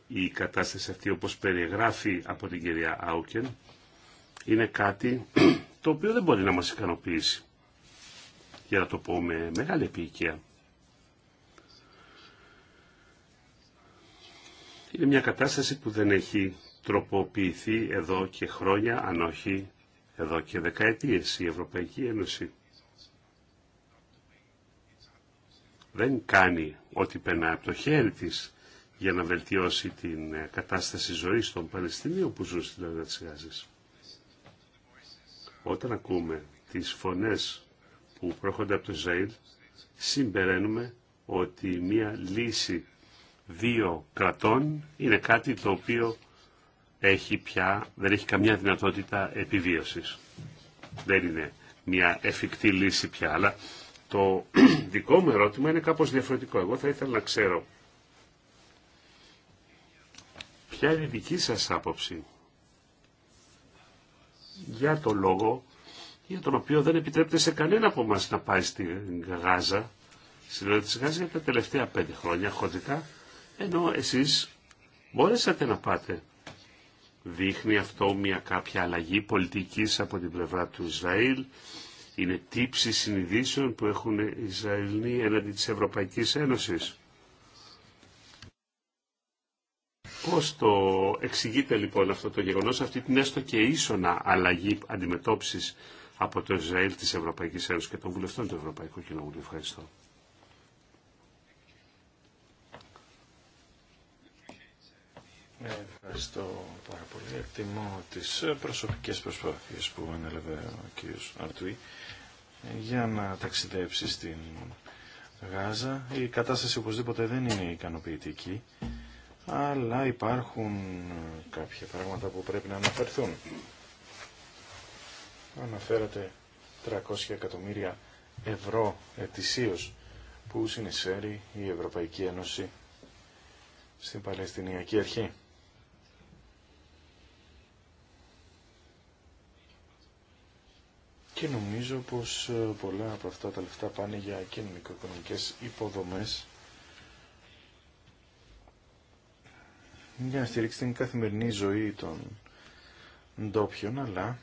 S2: Η κατάσταση αυτή όπως περιγράφει από την κυρία Άουκεν είναι κάτι το οποίο δεν μπορεί να μας ικανοποιήσει. Για να το πω με μεγάλη επίοικια. Είναι μια κατάσταση που δεν έχει τροποποιηθεί εδώ και χρόνια, αν όχι εδώ και δεκαετίες, η Ευρωπαϊκή Ένωση. Δεν κάνει ό,τι περνά από το χέρι της για να βελτιώσει την ε, κατάσταση ζωής των Παλαιστινίων που ζουν στην Ελλάδα της Γάζης. Όταν ακούμε τις φωνές που προέρχονται από το Ισραήλ, συμπεραίνουμε ότι μία λύση δύο κρατών είναι κάτι το οποίο έχει πια, δεν έχει καμιά δυνατότητα επιβίωσης. Δεν είναι μια εφικτή λύση πια, αλλά το δικό μου ερώτημα είναι κάπως διαφορετικό. Εγώ θα ήθελα να ξέρω ποια είναι η δική σας άποψη για το λόγο για τον οποίο δεν επιτρέπεται σε κανένα από εμάς να πάει στην Γάζα, στην Λόγια της Γάζα για τα τελευταία πέντε χρόνια χοντρικά, ενώ εσείς μπορέσατε να πάτε δείχνει αυτό μια κάποια αλλαγή πολιτικής από την πλευρά του Ισραήλ. Είναι τύψη συνειδήσεων που έχουν οι Ισραηλοί έναντι της Ευρωπαϊκής Ένωσης. Πώς το εξηγείται λοιπόν αυτό το γεγονός, αυτή την έστω και ίσονα αλλαγή αντιμετώπισης από το Ισραήλ της Ευρωπαϊκής Ένωσης και των βουλευτών του Ευρωπαϊκού Κοινοβουλίου. Ευχαριστώ. Ευχαριστώ πάρα πολύ.
S1: Εκτιμώ τις προσωπικές προσπάθειες που ανέλαβε ο κ. Αρτουή για να ταξιδέψει στην Γάζα. Η κατάσταση οπωσδήποτε δεν είναι ικανοποιητική, αλλά υπάρχουν κάποια πράγματα που πρέπει να αναφερθούν. Αναφέρατε 300 εκατομμύρια ευρώ ετησίως που συνεισφέρει η Ευρωπαϊκή Ένωση στην Παλαιστινιακή Αρχή. και νομίζω πως ε, πολλά από αυτά τα λεφτά πάνε για κοινωνικο-οικονομικές υποδομές για να στηρίξει την καθημερινή ζωή των ντόπιων, αλλά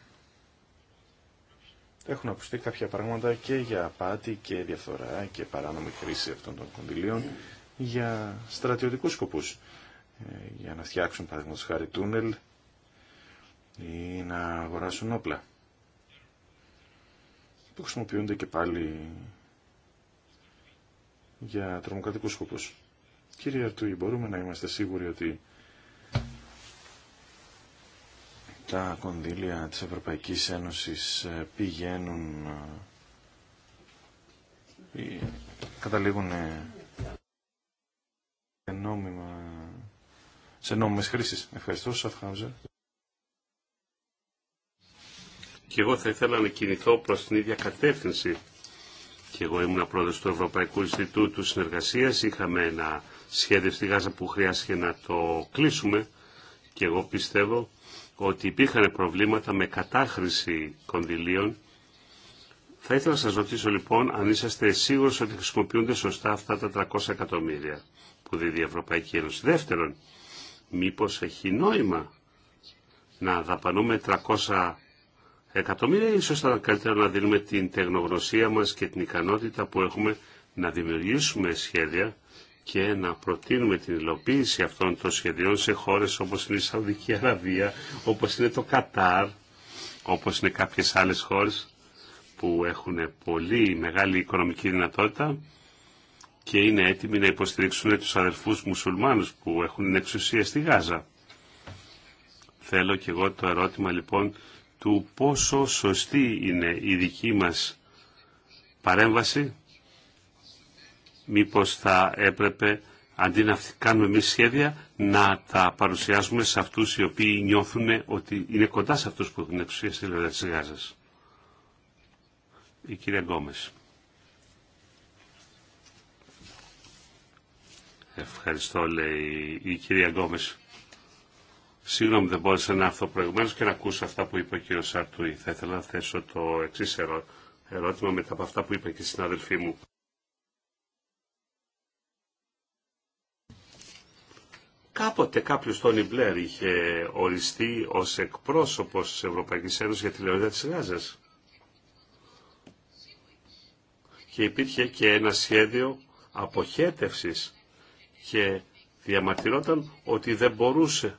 S1: έχουν ακουστεί κάποια πράγματα και για απάτη και διαφθορά και παράνομη χρήση αυτών των κονδυλίων για στρατιωτικούς σκοπούς. Ε, για να φτιάξουν, παραδείγματος χάρη, τούνελ ή να αγοράσουν όπλα που χρησιμοποιούνται και πάλι για τρομοκρατικούς σκοπούς. Κύριε Αρτούη, μπορούμε να είμαστε σίγουροι ότι τα κονδύλια της Ευρωπαϊκής Ένωσης ε, πηγαίνουν ε, ή καταλήγουν ε, σε νόμιμες χρήσεις. Ευχαριστώ, Σαφχάουζερ.
S2: Και εγώ θα ήθελα να κινηθώ προς την ίδια κατεύθυνση. Και εγώ ήμουν πρόεδρος του Ευρωπαϊκού Ινστιτούτου Συνεργασίας. Είχαμε ένα σχέδιο στη Γάζα που χρειάστηκε να το κλείσουμε. Και εγώ πιστεύω ότι υπήρχαν προβλήματα με κατάχρηση κονδυλίων. Θα ήθελα να σας ρωτήσω λοιπόν αν είσαστε σίγουροι ότι χρησιμοποιούνται σωστά αυτά τα 300 εκατομμύρια που δίδει η Ευρωπαϊκή Ένωση. Δεύτερον, μήπως έχει νόημα να δαπανούμε 300 εκατομμύρια, ίσως θα ήταν καλύτερα να δίνουμε την τεχνογνωσία μας και την ικανότητα που έχουμε να δημιουργήσουμε σχέδια και να προτείνουμε την υλοποίηση αυτών των σχεδιών σε χώρες όπως είναι η Σαουδική Αραβία, όπως είναι το Κατάρ, όπως είναι κάποιες άλλες χώρες που έχουν πολύ μεγάλη οικονομική δυνατότητα και είναι έτοιμοι να υποστηρίξουν τους αδερφούς μουσουλμάνους που έχουν εξουσία στη Γάζα. Θέλω κι εγώ το ερώτημα λοιπόν του πόσο σωστή είναι η δική μας παρέμβαση, μήπως θα έπρεπε αντί να κάνουμε εμεί σχέδια, να τα παρουσιάσουμε σε αυτούς οι οποίοι νιώθουν ότι είναι κοντά σε αυτούς που έχουν εξουσία στη της Γάζας. Η κυρία Γκόμες. Ευχαριστώ, λέει η κυρία Γκόμες. Συγγνώμη, δεν μπόρεσα να έρθω προηγουμένω και να ακούσω αυτά που είπε ο κύριο Σαρτούη. Θα ήθελα να θέσω το εξή ερώτημα μετά από αυτά που είπε και η συναδελφή μου. Κάποτε κάποιο Τόνι Μπλερ είχε οριστεί ω εκπρόσωπο τη Ευρωπαϊκή Ένωση για τη Λεωρίδα τη Γάζας. Και υπήρχε και ένα σχέδιο αποχέτευσης και διαμαρτυρόταν ότι δεν μπορούσε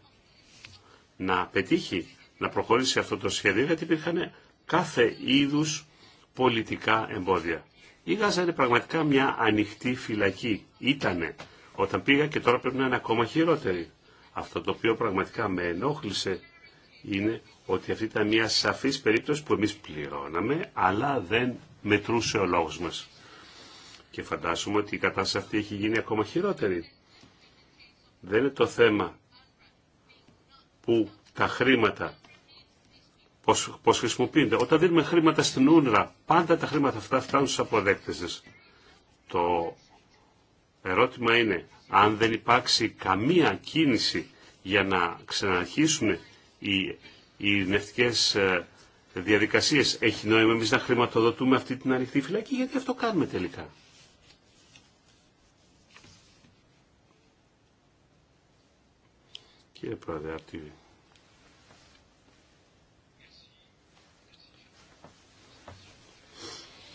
S2: να πετύχει να προχωρήσει αυτό το σχέδιο γιατί υπήρχαν κάθε είδους πολιτικά εμπόδια. Η Γάζα είναι πραγματικά μια ανοιχτή φυλακή. Ήτανε όταν πήγα και τώρα πρέπει να είναι ακόμα χειρότερη. Αυτό το οποίο πραγματικά με ενόχλησε είναι ότι αυτή ήταν μια σαφής περίπτωση που εμείς πληρώναμε αλλά δεν μετρούσε ο λόγος μας. Και φαντάζομαι ότι η κατάσταση αυτή έχει γίνει ακόμα χειρότερη. Δεν είναι το θέμα που τα χρήματα πώς, πώς χρησιμοποιούνται. Όταν δίνουμε χρήματα στην ούνρα, πάντα τα χρήματα αυτά φτάνουν στους αποδέκτες Το ερώτημα είναι, αν δεν υπάρξει καμία κίνηση για να ξαναρχίσουν οι, οι νευτικές ε, διαδικασίες, έχει νόημα εμείς να χρηματοδοτούμε αυτή την ανοιχτή φυλακή, γιατί αυτό κάνουμε τελικά. Κύριε Πρόεδρε, από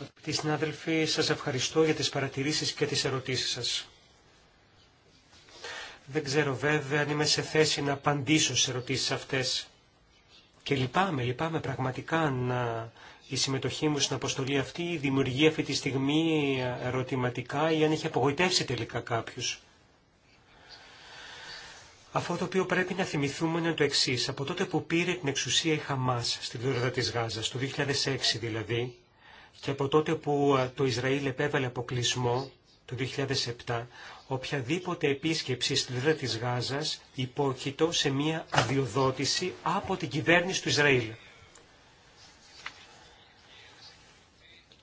S3: Αγαπητοί συνάδελφοι, σας ευχαριστώ για τις παρατηρήσεις και τις ερωτήσεις σας. Δεν ξέρω βέβαια αν είμαι σε θέση να απαντήσω σε ερωτήσεις αυτές. Και λυπάμαι, λυπάμαι πραγματικά να η συμμετοχή μου στην αποστολή αυτή δημιουργεί αυτή τη στιγμή ερωτηματικά ή αν έχει απογοητεύσει τελικά κάποιους. Αυτό το οποίο πρέπει να θυμηθούμε είναι το εξή. Από τότε που πήρε την εξουσία η Χαμά στη δουλειά τη Γάζας, το 2006 δηλαδή, και από τότε που ε, το Ισραήλ επέβαλε αποκλεισμό, το 2007, οποιαδήποτε επίσκεψη στη δουλειά τη Γάζας υπόκειτο σε μια αδειοδότηση από την κυβέρνηση του Ισραήλ.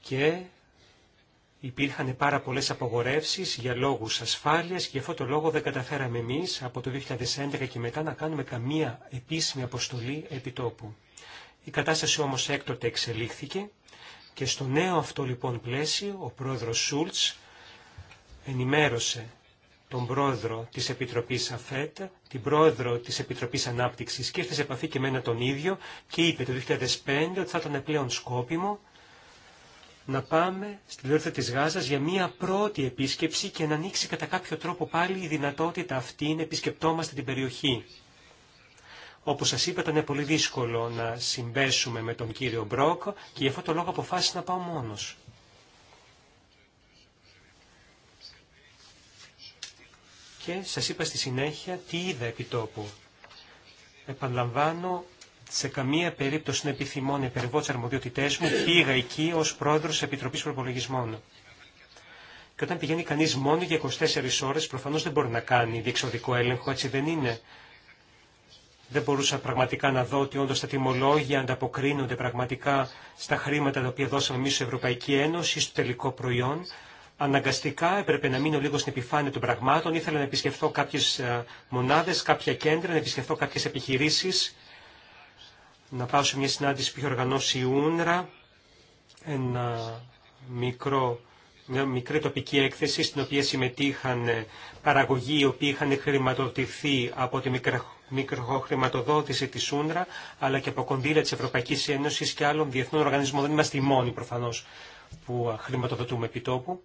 S3: Και Υπήρχαν πάρα πολλές απογορεύσεις για λόγους ασφάλειας και αυτό το λόγο δεν καταφέραμε εμείς από το 2011 και μετά να κάνουμε καμία επίσημη αποστολή επιτόπου. Η κατάσταση όμως έκτοτε εξελίχθηκε και στο νέο αυτό λοιπόν πλαίσιο ο πρόεδρος Σούλτς ενημέρωσε τον πρόεδρο της Επιτροπής ΑΦΕΤ, την πρόεδρο της Επιτροπής Ανάπτυξης και ήρθε σε επαφή και εμένα τον ίδιο και είπε το 2005 ότι θα ήταν πλέον σκόπιμο να πάμε στη όρθα της Γάζας για μία πρώτη επίσκεψη και να ανοίξει κατά κάποιο τρόπο πάλι η δυνατότητα αυτή να επισκεπτόμαστε την περιοχή. Όπως σας είπα ήταν πολύ δύσκολο να συμπέσουμε με τον κύριο Μπρόκο και γι' αυτό το λόγο αποφάσισα να πάω μόνος. Και σας είπα στη συνέχεια τι είδα επί τόπου. Επαναλαμβάνω σε καμία περίπτωση δεν επιθυμώ να υπερβώ τι αρμοδιότητέ μου. Πήγα εκεί ω πρόεδρο τη Επιτροπή Προπολογισμών. Και όταν πηγαίνει κανεί μόνο για 24 ώρε, προφανώ δεν μπορεί να κάνει διεξοδικό έλεγχο, έτσι δεν είναι. Δεν μπορούσα πραγματικά να δω ότι όντω τα τιμολόγια ανταποκρίνονται πραγματικά στα χρήματα τα οποία δώσαμε εμεί στην Ευρωπαϊκή Ένωση, στο τελικό προϊόν. Αναγκαστικά έπρεπε να μείνω λίγο στην επιφάνεια των πραγμάτων. Ήθελα να επισκεφθώ κάποιε μονάδε, κάποια κέντρα, να επισκεφθώ κάποιε επιχειρήσει να πάω σε μια συνάντηση που είχε οργανώσει η Ούνρα, ένα μικρό, μια μικρή τοπική έκθεση στην οποία συμμετείχαν παραγωγοί οι οποίοι είχαν χρηματοδοτηθεί από τη μικροχρηματοδότηση της Ούνρα, αλλά και από κονδύλια της Ευρωπαϊκής Ένωσης και άλλων διεθνών οργανισμών. Δεν είμαστε οι μόνοι προφανώς που χρηματοδοτούμε επιτόπου.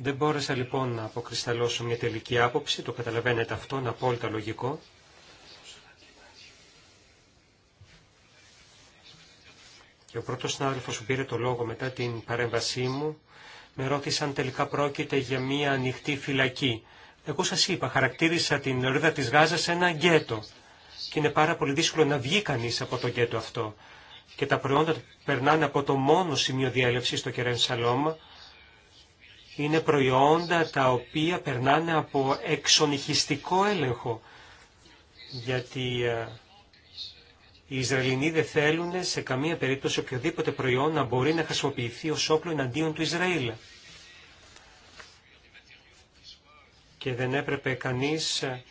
S3: Δεν μπόρεσα λοιπόν να αποκρισταλώσω μια τελική άποψη, το καταλαβαίνετε αυτό, είναι απόλυτα λογικό. Και ο πρώτος συνάδελφος που πήρε το λόγο μετά την παρέμβασή μου, με ρώτησε αν τελικά πρόκειται για μια ανοιχτή φυλακή. Εγώ σας είπα, χαρακτήρισα την ορίδα της Γάζας ένα γκέτο. Και είναι πάρα πολύ δύσκολο να βγει κανείς από το γκέτο αυτό. Και τα προϊόντα περνάνε από το μόνο σημείο διέλευση στο Κερέν Σαλόμα, είναι προϊόντα τα οποία περνάνε από εξονυχιστικό έλεγχο. Γιατί ε, οι Ισραηλινοί δεν θέλουν σε καμία περίπτωση οποιοδήποτε προϊόν να μπορεί να χρησιμοποιηθεί ως όπλο εναντίον του Ισραήλ. Και δεν έπρεπε κανείς ε,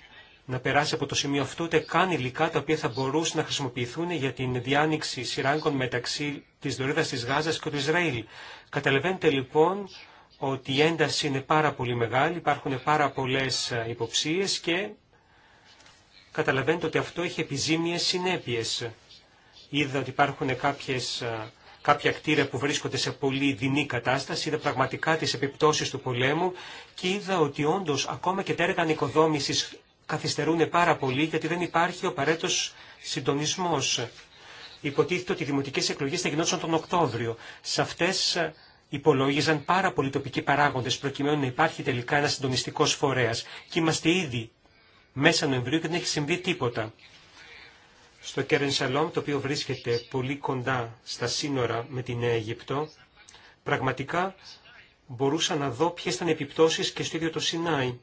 S3: να περάσει από το σημείο αυτό ούτε καν υλικά τα οποία θα μπορούσαν να χρησιμοποιηθούν για την διάνοιξη σειράγκων μεταξύ της δωρίδας της Γάζας και του Ισραήλ. Καταλαβαίνετε λοιπόν ότι η ένταση είναι πάρα πολύ μεγάλη, υπάρχουν πάρα πολλές ε, υποψίες και καταλαβαίνετε ότι αυτό έχει επιζήμιες συνέπειες. Είδα ότι υπάρχουν κάποιες, ε, κάποια κτίρια που βρίσκονται σε πολύ δεινή κατάσταση, είδα πραγματικά τις επιπτώσεις του πολέμου και είδα ότι όντως ακόμα και τα έργα καθυστερούν πάρα πολύ γιατί δεν υπάρχει ο παρέτος συντονισμός. Υποτίθεται ότι οι δημοτικές εκλογές θα γινόντουσαν τον Οκτώβριο. Σε αυτές ε, υπολόγιζαν πάρα πολλοί τοπικοί παράγοντες προκειμένου να υπάρχει τελικά ένα συντονιστικό φορέας και είμαστε ήδη μέσα Νοεμβρίου και δεν έχει συμβεί τίποτα. Στο Κέρεν Σαλόμ, το οποίο βρίσκεται πολύ κοντά στα σύνορα με την Αιγυπτό, πραγματικά μπορούσα να δω ποιε ήταν οι επιπτώσεις και στο ίδιο το Σινάι.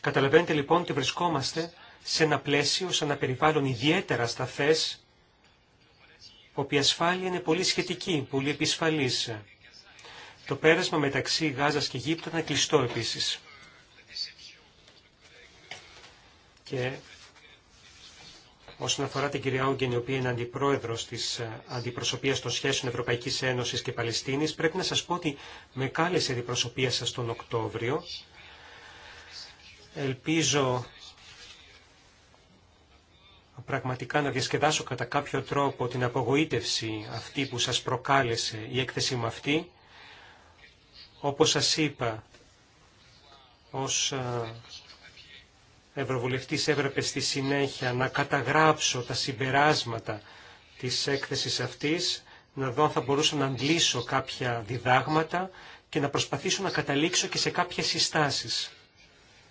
S3: Καταλαβαίνετε λοιπόν ότι βρισκόμαστε σε ένα πλαίσιο, σε ένα περιβάλλον ιδιαίτερα σταθές, η ασφάλεια είναι πολύ σχετική, πολύ επισφαλής. Το πέρασμα μεταξύ Γάζας και Αιγύπτου ήταν κλειστό επίσης. Και όσον αφορά την κυρία Όγκεν, η οποία είναι αντιπρόεδρος της ε, Αντιπροσωπείας των Σχέσεων Ευρωπαϊκής Ένωσης και Παλαιστίνης, πρέπει να σας πω ότι με κάλεσε η αντιπροσωπεία σας τον Οκτώβριο. Ελπίζω πραγματικά να διασκεδάσω κατά κάποιο τρόπο την απογοήτευση αυτή που σας προκάλεσε η έκθεση μου αυτή. Όπως σας είπα, ως ε, Ευρωβουλευτής έπρεπε στη συνέχεια να καταγράψω τα συμπεράσματα της έκθεσης αυτής, να δω αν θα μπορούσα να αντλήσω κάποια διδάγματα και να προσπαθήσω να καταλήξω και σε κάποιες συστάσεις.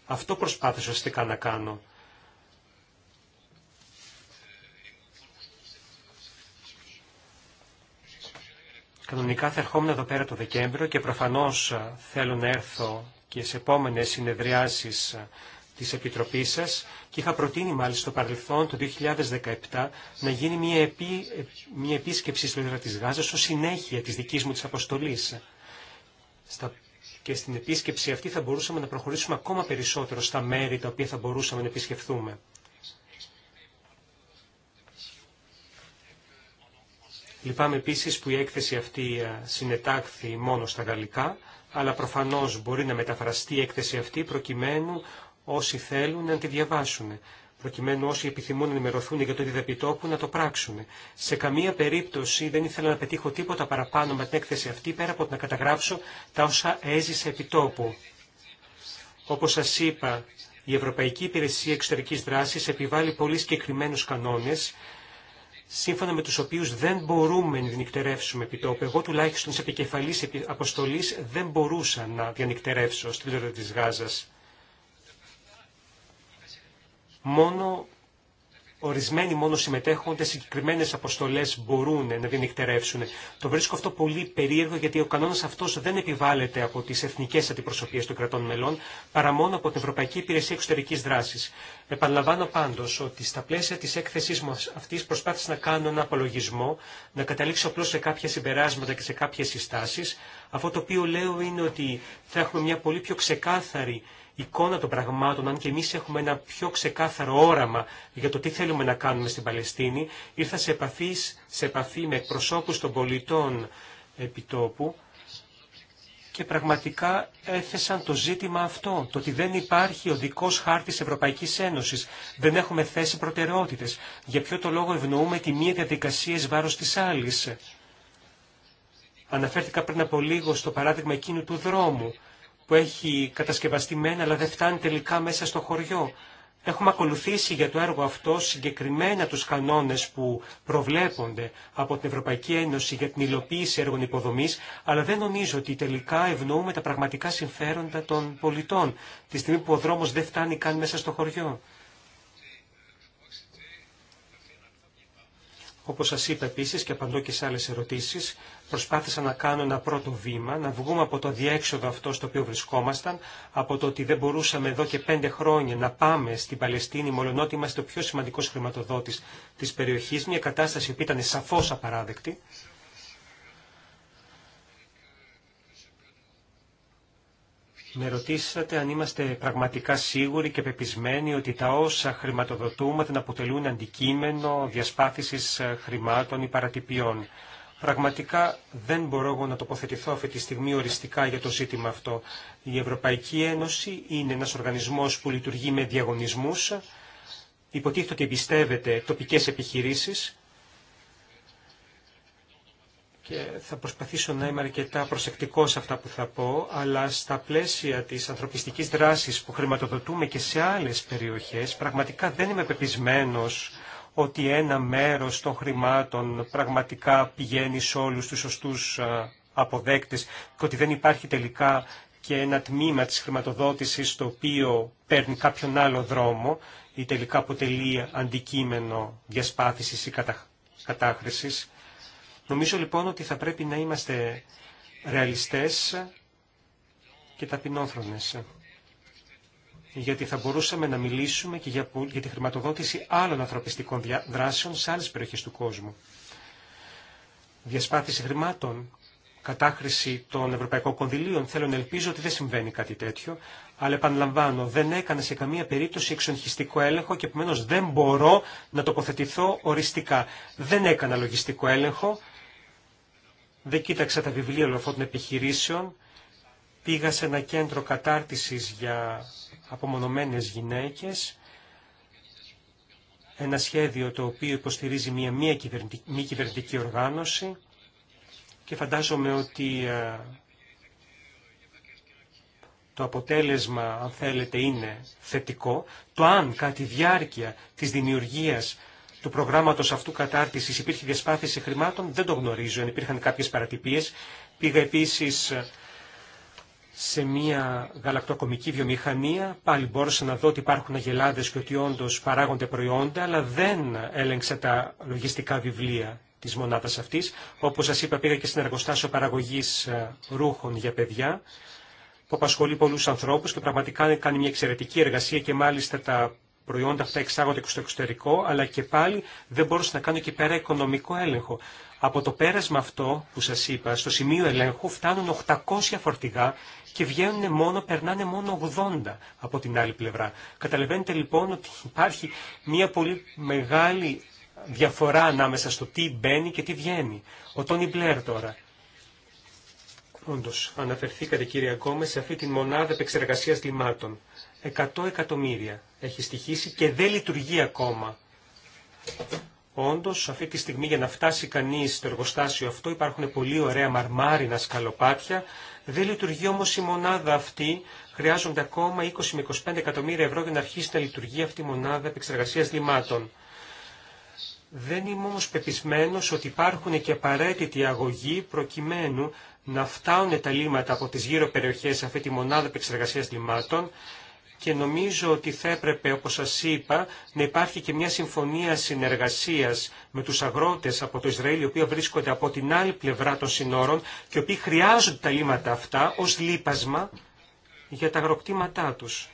S3: Αυτό προσπάθησα στεκα να κάνω. Κανονικά θα ερχόμουν εδώ πέρα το Δεκέμβριο και προφανώς ε, θέλω να έρθω και σε επόμενες συνεδριάσεις ε, της Επιτροπής σας και είχα προτείνει μάλιστα στο παρελθόν το 2017 να γίνει μια, ε, επίσκεψη στο Ιδρά της Γάζας ως συνέχεια της δικής μου της αποστολής. και στην επίσκεψη αυτή θα μπορούσαμε να προχωρήσουμε ακόμα περισσότερο στα μέρη τα οποία θα μπορούσαμε να επισκεφθούμε. Λυπάμαι επίσης που η έκθεση αυτή ε, συνετάχθη μόνο στα γαλλικά, αλλά προφανώς μπορεί να μεταφραστεί η έκθεση αυτή προκειμένου όσοι θέλουν να τη διαβάσουν προκειμένου όσοι επιθυμούν να ενημερωθούν για το διδαπιτόπου να το πράξουν. Σε καμία περίπτωση δεν ήθελα να πετύχω τίποτα παραπάνω με την έκθεση αυτή πέρα από το να καταγράψω τα όσα έζησε επιτόπου. Όπως σας είπα, η Ευρωπαϊκή Υπηρεσία Εξωτερικής Δράσης επιβάλλει πολύ συγκεκριμένου κανόνες σύμφωνα με τους οποίους δεν μπορούμε να διανυκτερεύσουμε επιτόπου. Εγώ τουλάχιστον σε επικεφαλής αποστολής δεν μπορούσα να διανυκτερεύσω στην πλευρά της Γάζας. Μόνο ορισμένοι μόνο συμμετέχονται σε συγκεκριμένε αποστολέ μπορούν να διενυκτερεύσουν. Το βρίσκω αυτό πολύ περίεργο γιατί ο κανόνα αυτό δεν επιβάλλεται από τι εθνικέ αντιπροσωπείε των κρατών μελών παρά μόνο από την Ευρωπαϊκή Υπηρεσία Εξωτερική Δράση. Επαναλαμβάνω πάντω ότι στα πλαίσια τη έκθεσή μου αυτή προσπάθησα να κάνω ένα απολογισμό, να καταλήξω απλώ σε κάποια συμπεράσματα και σε κάποιε συστάσει. Αυτό το οποίο λέω είναι ότι θα έχουμε μια πολύ πιο ξεκάθαρη εικόνα των πραγμάτων, αν και εμείς έχουμε ένα πιο ξεκάθαρο όραμα για το τι θέλουμε να κάνουμε στην Παλαιστίνη, ήρθα σε επαφή, σε επαφή με εκπροσώπου των πολιτών επιτόπου και πραγματικά έθεσαν το ζήτημα αυτό, το ότι δεν υπάρχει ο δικός χάρτης Ευρωπαϊκής Ένωσης, δεν έχουμε θέσει προτεραιότητες, για ποιο το λόγο ευνοούμε τη μία διαδικασία εις βάρος της άλλης. Αναφέρθηκα πριν από λίγο στο παράδειγμα εκείνου του δρόμου που έχει κατασκευαστεί μένα αλλά δεν φτάνει τελικά μέσα στο χωριό. Έχουμε ακολουθήσει για το έργο αυτό συγκεκριμένα τους κανόνες που προβλέπονται από την Ευρωπαϊκή Ένωση για την υλοποίηση έργων υποδομής, αλλά δεν νομίζω ότι τελικά ευνοούμε τα πραγματικά συμφέροντα των πολιτών, τη στιγμή που ο δρόμος δεν φτάνει καν μέσα στο χωριό. Όπως σας είπα επίσης και απαντώ και σε άλλες ερωτήσεις, προσπάθησα να κάνω ένα πρώτο βήμα, να βγούμε από το διέξοδο αυτό στο οποίο βρισκόμασταν, από το ότι δεν μπορούσαμε εδώ και πέντε χρόνια να πάμε στην Παλαιστίνη, μολονότι είμαστε ο πιο σημαντικός χρηματοδότης της περιοχής, μια κατάσταση που ήταν σαφώς απαράδεκτη. Με ρωτήσατε αν είμαστε πραγματικά σίγουροι και πεπισμένοι ότι τα όσα χρηματοδοτούμε δεν αποτελούν αντικείμενο διασπάθησης ε, χρημάτων ή παρατυπιών. Πραγματικά δεν μπορώ εγώ να τοποθετηθώ αυτή τη στιγμή οριστικά για το ζήτημα αυτό. Η Ευρωπαϊκή Ένωση είναι ένας οργανισμός που λειτουργεί με διαγωνισμούς. Υποτίθεται ότι εμπιστεύεται τοπικές επιχειρήσεις και θα προσπαθήσω να είμαι αρκετά προσεκτικό σε αυτά που θα πω, αλλά στα πλαίσια της ανθρωπιστικής δράσης που χρηματοδοτούμε και σε άλλες περιοχές, πραγματικά δεν είμαι πεπισμένο ότι ένα μέρος των χρημάτων πραγματικά πηγαίνει σε όλου, τους σωστού αποδέκτες και ότι δεν υπάρχει τελικά και ένα τμήμα της χρηματοδότησης το οποίο παίρνει κάποιον άλλο δρόμο ή τελικά αποτελεί αντικείμενο διασπάθησης ή κατάχρησης. Νομίζω λοιπόν ότι θα πρέπει να είμαστε ρεαλιστές και ταπεινόθρονες Γιατί θα μπορούσαμε να μιλήσουμε και για, για τη χρηματοδότηση άλλων ανθρωπιστικών δράσεων σε άλλες περιοχές του κόσμου. Διασπάθηση χρημάτων, κατάχρηση των ευρωπαϊκών κονδυλίων. Θέλω να ελπίζω ότι δεν συμβαίνει κάτι τέτοιο. Αλλά επαναλαμβάνω, δεν έκανα σε καμία περίπτωση εξοχιστικό έλεγχο και επομένω δεν μπορώ να τοποθετηθώ οριστικά. Δεν έκανα λογιστικό έλεγχο δεν κοίταξα τα βιβλία όλων αυτών των επιχειρήσεων. Πήγα σε ένα κέντρο κατάρτισης για απομονωμένες γυναίκες. Ένα σχέδιο το οποίο υποστηρίζει μια μη κυβερνητική οργάνωση. Και φαντάζομαι ότι ε, το αποτέλεσμα, αν θέλετε, είναι θετικό. Το αν κάτι διάρκεια της δημιουργίας του προγράμματο αυτού κατάρτιση υπήρχε διασπάθηση χρημάτων. Δεν το γνωρίζω αν υπήρχαν κάποιε παρατυπίε. Πήγα επίση ε, σε μια γαλακτοκομική βιομηχανία. Πάλι μπόρεσα να δω ότι υπάρχουν αγελάδε και ότι όντω παράγονται προϊόντα, αλλά δεν έλεγξα τα λογιστικά βιβλία τη μονάδα αυτή. Όπω σα είπα, πήγα και στην εργοστάσιο παραγωγή ε, ρούχων για παιδιά που απασχολεί πολλούς ανθρώπους και πραγματικά κάνει μια εξαιρετική εργασία και μάλιστα τα προϊόντα αυτά εξάγονται στο εξωτερικό, αλλά και πάλι δεν μπορούσα να κάνω εκεί πέρα οικονομικό έλεγχο. Από το πέρασμα αυτό που σας είπα, στο σημείο ελέγχου φτάνουν 800 φορτηγά και βγαίνουν μόνο, περνάνε μόνο 80 από την άλλη πλευρά. Καταλαβαίνετε λοιπόν ότι υπάρχει μια πολύ μεγάλη διαφορά ανάμεσα στο τι μπαίνει και τι βγαίνει. Ο Τόνι Μπλερ τώρα. Όντω, αναφερθήκατε κύριε Γκόμε σε αυτή τη μονάδα επεξεργασία λιμάτων. 100 εκατομμύρια έχει στοιχήσει και δεν λειτουργεί ακόμα. Όντω, αυτή τη στιγμή για να φτάσει κανείς στο εργοστάσιο αυτό υπάρχουν πολύ ωραία μαρμάρινα σκαλοπάτια. Δεν λειτουργεί όμω η μονάδα αυτή. Χρειάζονται ακόμα 20 με 25 εκατομμύρια ευρώ για να αρχίσει να λειτουργεί αυτή η μονάδα επεξεργασία λιμάτων. Δεν είμαι όμω πεπισμένο ότι υπάρχουν και απαραίτητοι αγωγοί προκειμένου να φτάνουν τα λίματα από τι γύρω περιοχέ σε αυτή τη μονάδα επεξεργασία λιμάτων και νομίζω ότι θα έπρεπε, όπως σας είπα, να υπάρχει και μια συμφωνία συνεργασίας με τους αγρότες από το Ισραήλ, οι οποίοι βρίσκονται από την άλλη πλευρά των συνόρων και οι οποίοι χρειάζονται τα λίματα αυτά ως λίπασμα για τα αγροκτήματά τους.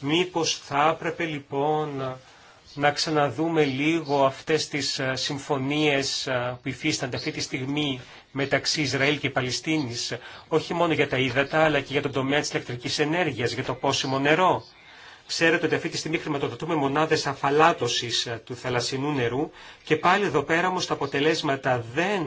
S3: Μήπως θα έπρεπε λοιπόν να ξαναδούμε λίγο αυτές τις ε, συμφωνίες ε, που υφίστανται αυτή τη στιγμή μεταξύ Ισραήλ και Παλαιστίνης, όχι μόνο για τα ύδατα, αλλά και για τον τομέα της ηλεκτρικής ενέργειας, για το πόσιμο νερό. Ξέρετε ότι αυτή τη στιγμή χρηματοδοτούμε μονάδες αφαλάτωσης του θαλασσινού νερού και πάλι εδώ πέρα όμως τα αποτελέσματα δεν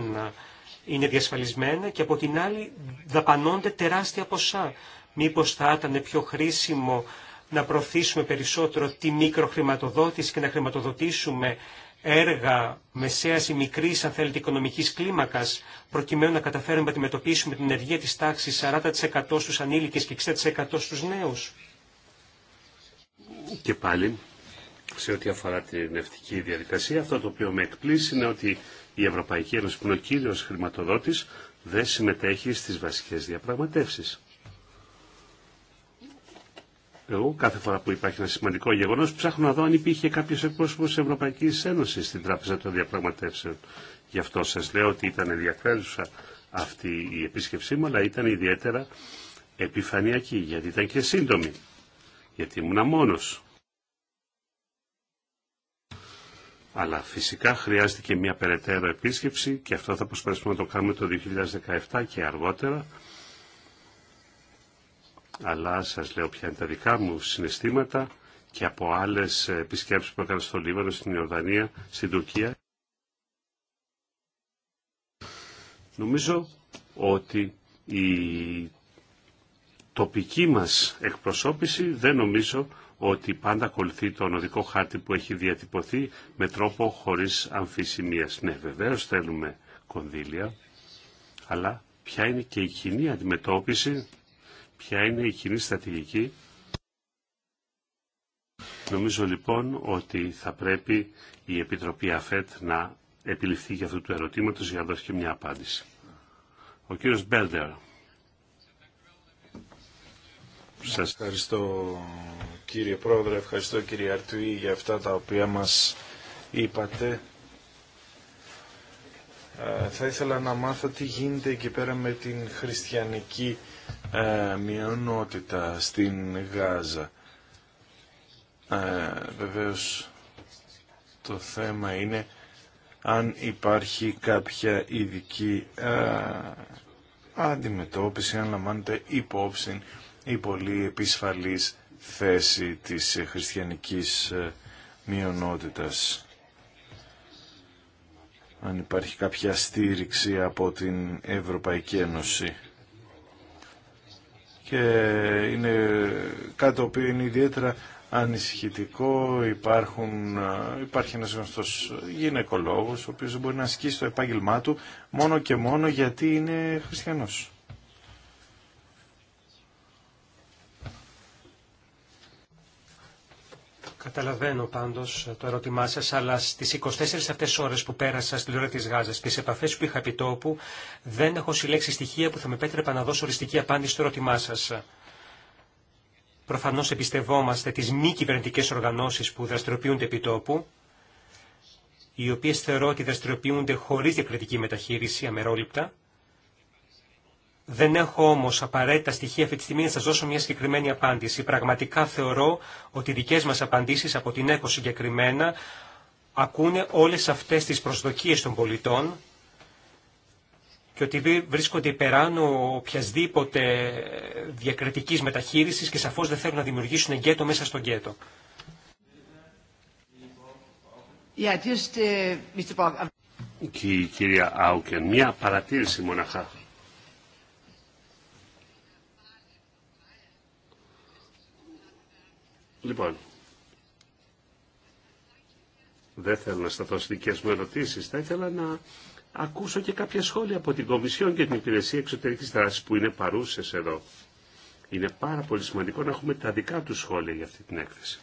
S3: είναι διασφαλισμένα και από την άλλη δαπανώνται τεράστια ποσά. Μήπως θα ήταν πιο χρήσιμο να προωθήσουμε περισσότερο τη μικροχρηματοδότηση και να χρηματοδοτήσουμε έργα μεσαίας ή μικρής, αν θέλετε, οικονομικής κλίμακας, προκειμένου να καταφέρουμε να αντιμετωπίσουμε την ενεργεία της τάξης 40% στους ανήλικες και 60% στους νέους.
S2: Και πάλι, σε ό,τι αφορά την ευτική διαδικασία, αυτό το οποίο με εκπλήσει είναι ότι η Ευρωπαϊκή Ένωση, που είναι ο κύριος χρηματοδότης, δεν συμμετέχει στι βασικές διαπραγματεύσεις. Εγώ κάθε φορά που υπάρχει ένα σημαντικό γεγονό ψάχνω να δω αν υπήρχε κάποιο εκπρόσωπο τη Ευρωπαϊκή Ένωση στην Τράπεζα των Διαπραγματεύσεων. Γι' αυτό σα λέω ότι ήταν ενδιαφέρουσα αυτή η επίσκεψή μου, αλλά ήταν ιδιαίτερα επιφανειακή, γιατί ήταν και σύντομη. Γιατί ήμουνα μόνο. Αλλά φυσικά χρειάστηκε μια περαιτέρω επίσκεψη και αυτό θα προσπαθήσουμε να το κάνουμε το 2017 και αργότερα αλλά σας λέω ποια είναι τα δικά μου συναισθήματα και από άλλες επισκέψεις που έκανα στο Λίβανο, στην Ιορδανία, στην Τουρκία. Νομίζω ότι η τοπική μας εκπροσώπηση δεν νομίζω ότι πάντα ακολουθεί τον οδικό χάρτη που έχει διατυπωθεί με τρόπο χωρίς αμφισημίας. Ναι, βεβαίως θέλουμε κονδύλια, αλλά ποια είναι και η κοινή αντιμετώπιση ποια είναι η κοινή στρατηγική. Νομίζω λοιπόν ότι θα πρέπει η Επιτροπή ΑΦΕΤ να επιληφθεί για αυτού του ερωτήματος για να δώσει και μια απάντηση. Ο κύριος Μπέλτερ. Σας
S1: ευχαριστώ
S2: κύριε Πρόεδρε, ευχαριστώ
S1: κύριε Αρτουή για αυτά τα οποία μας είπατε. Ε, θα ήθελα να μάθω τι γίνεται εκεί πέρα με την χριστιανική ε, μειονότητα στην Γάζα. Ε, βεβαίως το θέμα είναι αν υπάρχει κάποια ειδική ε, αντιμετώπιση, αν λαμβάνεται υπόψη η πολύ επισφαλής θέση της χριστιανικής μειονότητας. Αν υπάρχει κάποια στήριξη από την Ευρωπαϊκή Ένωση και είναι κάτι το οποίο είναι ιδιαίτερα ανησυχητικό. Υπάρχουν, υπάρχει ένας γνωστός γυναικολόγος ο οποίος δεν μπορεί να ασκήσει το επάγγελμά του μόνο και μόνο γιατί είναι χριστιανός.
S3: Καταλαβαίνω πάντω το ερώτημά σα, αλλά στι 24 αυτέ ώρε που πέρασα στη ώρα τη Γάζα και στι επαφέ που είχα επιτόπου, δεν έχω συλλέξει στοιχεία που θα με επέτρεπα να δώσω οριστική απάντηση στο ερώτημά σα. Προφανώ εμπιστευόμαστε τι μη κυβερνητικέ οργανώσει που δραστηριοποιούνται επιτόπου, οι οποίε θεωρώ ότι δραστηριοποιούνται χωρί διακριτική μεταχείριση αμερόληπτα δεν έχω όμω απαραίτητα στοιχεία αυτή τη στιγμή να σα δώσω μια συγκεκριμένη απάντηση. Πραγματικά θεωρώ ότι οι δικέ μας απαντήσεις από την ΕΚΟ συγκεκριμένα ακούνε όλες αυτές τις προσδοκίε των πολιτών και ότι βρίσκονται υπεράνω οποιασδήποτε διακριτική μεταχείρισης και σαφώς δεν θέλουν να δημιουργήσουν γκέτο μέσα στον γκέτο.
S2: Yeah, just, uh, Mr. Uh- η κυρία Άουκεν, μια παρατήρηση μοναχά. Λοιπόν, δεν θέλω να σταθώ στις δικές μου ερωτήσεις. Θα ήθελα να ακούσω και κάποια σχόλια από την Κομισιόν και την Υπηρεσία Εξωτερικής Δράσης που είναι παρούσες εδώ. Είναι πάρα πολύ σημαντικό να έχουμε τα δικά του σχόλια για αυτή την έκθεση.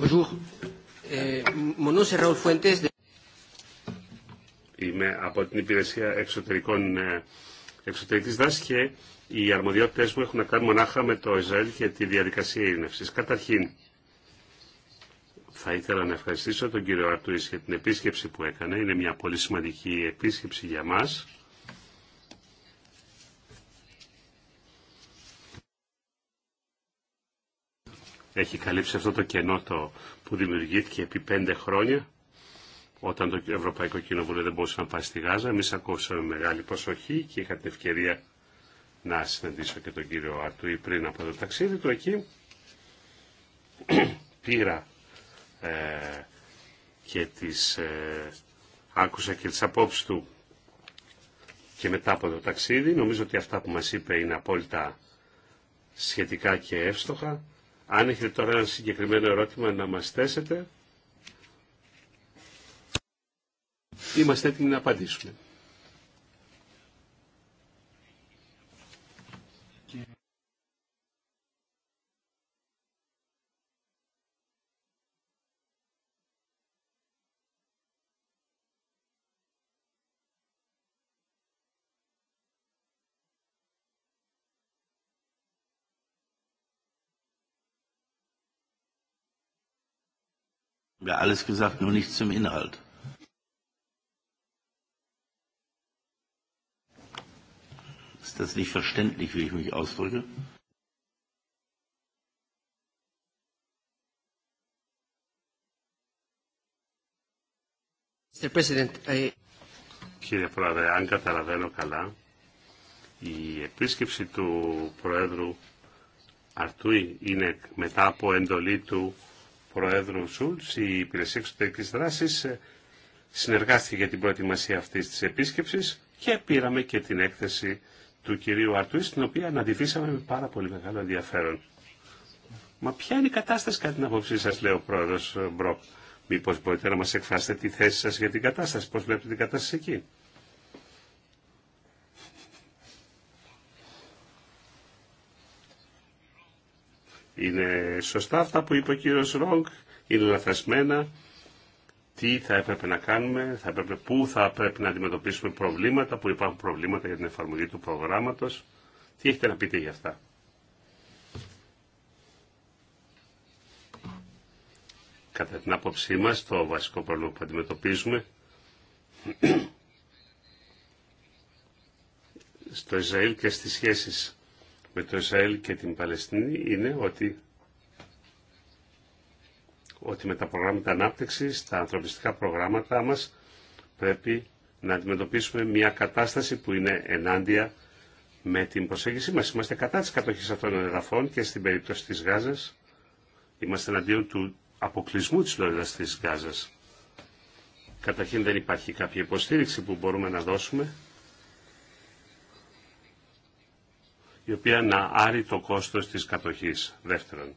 S3: Bonjour. Ε, Fuentes.
S2: Είμαι από την Υπηρεσία Εξωτερικών ε, Εξωτερικής Δράσης και οι αρμοδιότητες μου έχουν να κάνουν μονάχα με το Ισραήλ και τη διαδικασία ειρήνευσης. Καταρχήν, θα ήθελα να ευχαριστήσω τον κύριο Αρτουής για την επίσκεψη που έκανε. Είναι μια πολύ σημαντική επίσκεψη για μας έχει καλύψει αυτό το κενό το που δημιουργήθηκε επί πέντε χρόνια όταν το Ευρωπαϊκό Κοινοβούλιο δεν μπορούσε να πάει στη Γάζα. Εμεί ακούσαμε μεγάλη προσοχή και είχα την ευκαιρία να συναντήσω και τον κύριο Αρτούι πριν από το ταξίδι του εκεί. Πήρα ε, και τις, ε, άκουσα και τις απόψεις του και μετά από το ταξίδι. Νομίζω ότι αυτά που μας είπε είναι απόλυτα σχετικά και
S3: εύστοχα.
S2: Αν έχετε τώρα ένα συγκεκριμένο ερώτημα να μας θέσετε, είμαστε έτοιμοι να απαντήσουμε.
S1: Ja, alles gesagt, nur nichts zum Inhalt. Ist das nicht verständlich, wie ich mich ausdrücke?
S2: Κύριε Πρόεδρε, αν καταλαβαίνω καλά, η επίσκεψη του Προέδρου Αρτούι είναι μετά από εντολή του Προέδρου Σούλτς, η Υπηρεσία Εξωτερικής Δράσης ε, συνεργάστηκε για την προετοιμασία αυτής της επίσκεψης και πήραμε και την έκθεση του κυρίου Αρτουής, την οποία αναδυθήσαμε με πάρα πολύ μεγάλο ενδιαφέρον. Μα ποια είναι η κατάσταση κατά την άποψή σας, λέει ο πρόεδρος ε, Μπροκ. Μήπως μπορείτε να μας εκφράσετε τη θέση σας για την κατάσταση, πώς βλέπετε την κατάσταση εκεί. Είναι σωστά αυτά που είπε ο κύριο Ρόγκ, είναι λαθασμένα. Τι θα έπρεπε να κάνουμε, θα έπρεπε, πού θα πρέπει να αντιμετωπίσουμε προβλήματα, που υπάρχουν προβλήματα για την εφαρμογή του προγράμματος. Τι έχετε να πείτε για αυτά. Κατά την άποψή μας, το βασικό πρόβλημα που αντιμετωπίζουμε στο Ισραήλ και στις σχέσεις με το Ισραήλ και την Παλαιστίνη είναι ότι, ότι με τα προγράμματα ανάπτυξης, τα ανθρωπιστικά προγράμματα μας πρέπει να αντιμετωπίσουμε μια κατάσταση που είναι ενάντια με την προσέγγιση μας. Είμαστε κατά της κατοχής αυτών των εδαφών και στην περίπτωση της Γάζας είμαστε εναντίον του αποκλεισμού της Λόριδας της Γάζας. Καταρχήν δεν υπάρχει κάποια υποστήριξη που μπορούμε να δώσουμε η οποία να άρει το κόστος της κατοχής. Δεύτερον,